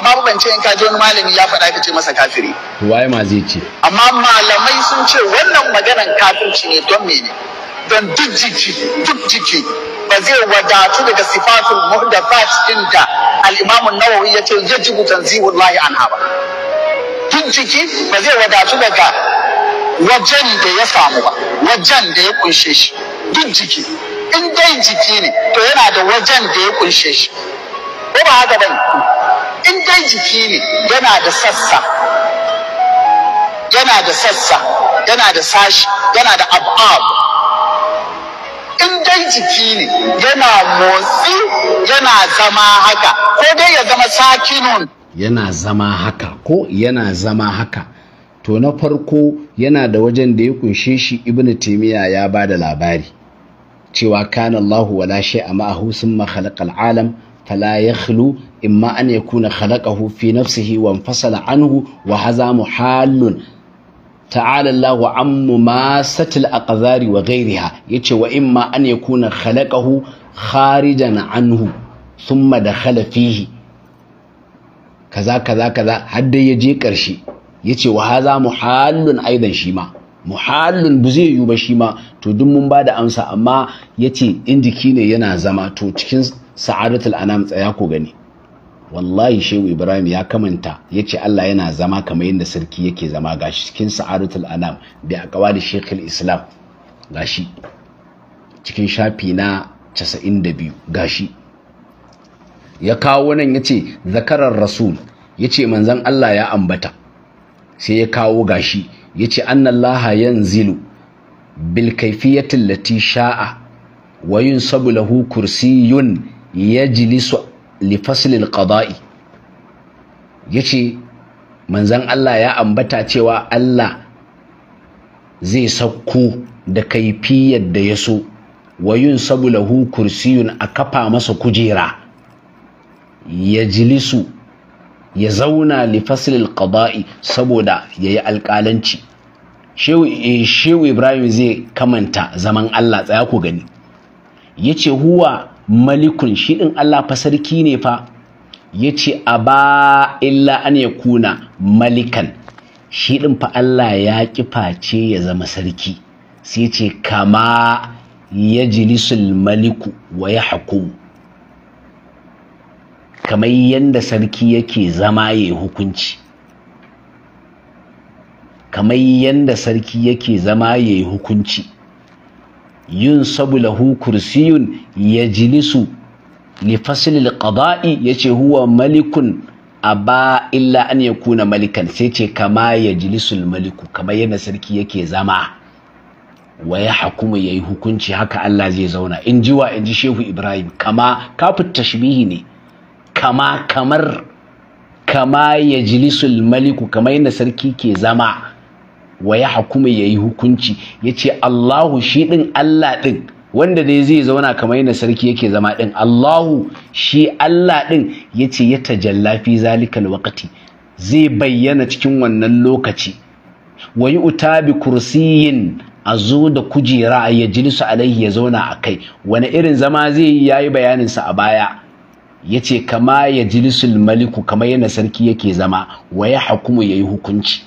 amma ban ce in ka ji wani malami ya faɗa ka ce masa kafiri waye ma zai ce amma malamai sun ce wannan maganan kafirci ne don mene don duk jiki duk jiki ba zai wadatu daga sifatul muhdathat din da al-Imam an-Nawawi yace yajibu wallahi anha ba duk jiki ba zai wadatu daga wajen da ya samu ba wajen da ya kunshe shi duk jiki in dai jiki ne to yana da wajen da ya kunshe shi ko ba haka ba in dai jiki ne yana da sassa yana da sassa yana da sashi yana da ab'ab in dai jiki ne yana motsi yana zama haka ko dai ya zama sakinun yana zama haka ko yana zama haka to na farko yana da wajen da ya kunshe shi ibnu Timiya ya ba da labari cewa kana Allah wala shay a ma'ahu summa khalaqal alam fala in ma an yakuna khalaqahu fi nafsihi wa anfasala anhu wa hadha muhallun ta'ala Allah amma ma satil aqdari wa ghayriha yace wa ma an yakuna khalaqahu kharijan anhu summa dakhala fihi kaza kaza kaza har dai yaje karshe yace wa haza muhallun aidan shi ma muhallun bu zai yiwu ba shi ma to duk mun bada amsa amma yace in jiki ne yana zama to cikin sa'adatul anam tsaya ko gani wallahi shehu ibrahim ya kamanta yace Allah yana zama kamar yanda sarki yake zama gashi cikin sa'adatul anam bi aqwali shaykhul islam gashi cikin shafi na 92 gashi ya kawo nan yace zakarar rasul yace manzon Allah ya ambata sai ya kawo gashi ya ce annallaha yanzilu bil kaifiyatin lati sha'a wa yunsabu ya kursiyun yajlisu li faslil qada'i yace manzon Allah ya ambata cewa Allah zai sauko da kaifiyar da ya so wa sabula lahu kursiyun a kafa masa kujera ya yajlisu ya zauna li faslil qada'i saboda yayi alƙalanci eh, shehu ibrahim zai kamanta zaman Allah tsaya ku gani yace huwa malikun shi din Allah fa sarki ne fa yace aba illa an kuna malikan shi din fa Allah ya kiface ya zama sarki sai ce kama yajlisul maliku wa yahkumu kamar yadda sarki yake zama ya hukunci kamar yadda sarki yake zama ya hukunci yun sabulahu kursiyun ya jilisu lifasilil qada'i yace huwa malikun aba illa an yakuna malikan sai ce kama ya jilisul maliku kamar yadda sarki yake zama wa ya yayi hukunci haka Allah zai zauna in ji in ji Shehu Ibrahim kama kafin tashbihi ne kama kamar kama ya jilisul maliku kama yadda sarki ke zama wa ya hukuma ya yi hukunci ya ce Allahu shi ɗin Allah ɗin wanda dai zai zauna kamar yadda sarki yake zama ɗin Allahu shi Allah ɗin ya ce ya tajalla fi zalikal wakati zai bayyana cikin wannan lokaci wa yi uta bi kursiyin a zo da kujera ya jilisu alaihi ya zauna a kai wani irin zama zai yi ya yi bayaninsa a baya ya ce kama ya jilisul maliku kama yana sarki yake zama wa ya hakumu ya yi hukunci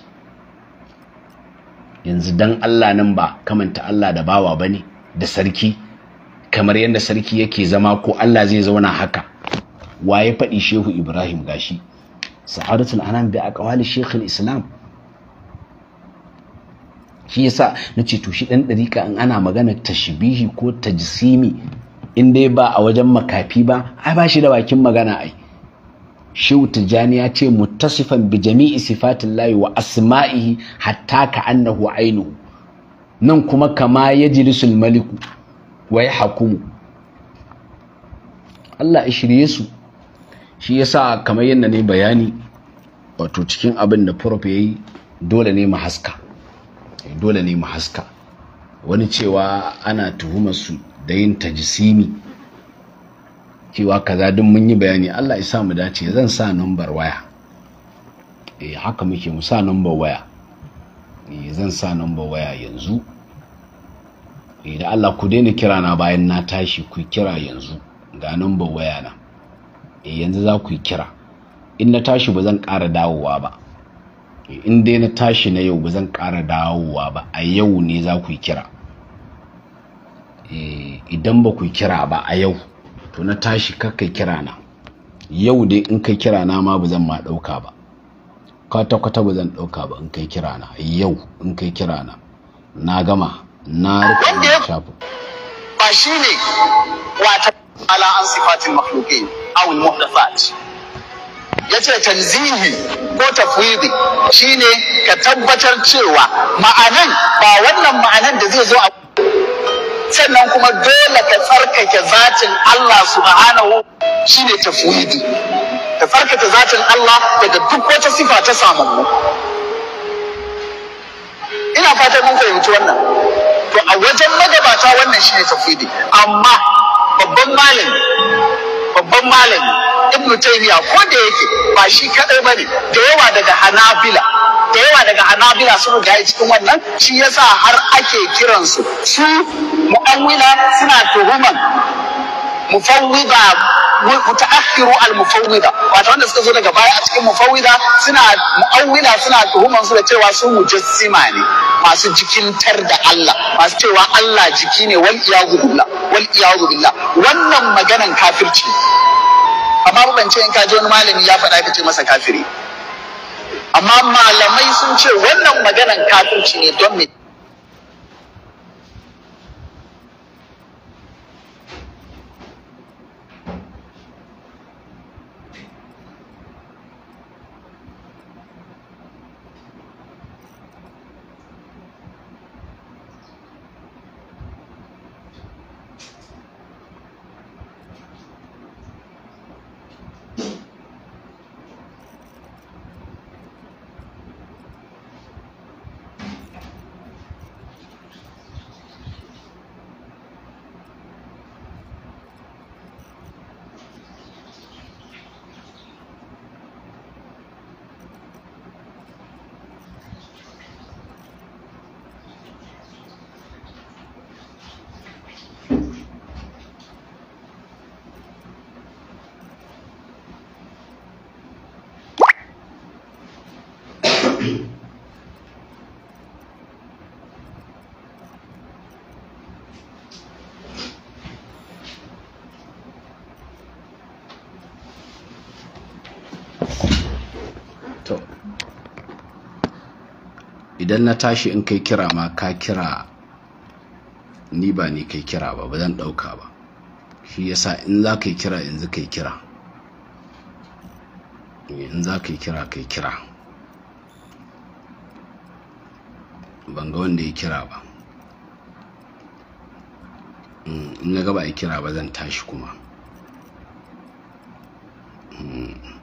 yanzu dan Allah nan ba kamanta Allah da bawa ba ne da sarki kamar yadda sarki yake zama ko Allah zai zauna haka wa ya faɗi shehu ibrahim gashi sa'adatul anam bi aqwali shekul islam shi yasa nace to shi dan dariƙa in ana magana tashbihi ko tajsimi in dai ba a wajen makafi ba ai ba shi da bakin magana ai shi tijjani ya ce muttasifan bi jami'i layi wa asma'ihi hatta ka annahu ainihu nan kuma kama yajlisul maliku wa ya hakumu Allah ya shirye su shi ya sa kamar yadda ne bayani wato cikin abin da prof yayi dole ne mu eh, dole ne mu wani cewa ana tuhumar su da yin tajisimi cewa kaza duk mun yi bayani Allah ya sa mu dace zan sa numbar waya eh haka muke mu sa numbar waya eh zan sa numbar waya yanzu eh da Allah ku daina kira na bayan na tashi ku kira yanzu ga numbar waya na eh yanzu za ku kira in na tashi ba zan ƙara dawowa ba eh, in dai na tashi na yau ba zan ƙara dawowa ba a yau ne za ku kira Eh, idan ba ku kira ba a yau to na tashi kakka kira na yau dai in kai kira na ma ba zan ma ɗauka ba kwata kwata ba zan ɗauka ba in kai kira na yau in kai kira na na gama na rufe shafin ba shi ne wata ala an sifatin makhluqin aw al muhdathat ce tanzihi ko tafwidi shine ka tabbatar cewa ma'anan ba wannan ma'anan da zai zo a sannan kuma dole ta tsarkake zatin Allah subhanahu shine tafwidi ta tsarkake zatin Allah daga duk wata sifa ta mu. ina fatan mun fahimci wannan to a wajen magabata wannan shine tafwidi amma babban malami babban malami ibnu taymiya ko da yake ba shi kadai bane da yawa daga hanabila da yawa daga hanabila sun ga cikin wannan shi yasa har ake kiransu su mu'awwila suna tuhuman mufawwida mutaakhiru al mufawwida wato wanda suka zo daga baya a cikin mufawwida suna mu'awwila suna tuhuman su da cewa su mujassima ne masu jikintar da Allah masu cewa Allah jiki ne wal iyadu billah wal iyadu billah wannan maganan kafirci amma ban ce in ka ji wani malami ya faɗa ka ce masa kafiri amma malamai sun ce wannan maganan kafirci ne don me idan na tashi in kai kira ma ka kira ni ba ni kai kira ba ba zan ɗauka ba shi yasa in za ka kira kira yanzu kai kira in za ka kira kai kira ban ga wanda ya kira ba in na gaba ya kira ba zan tashi kuma hmm.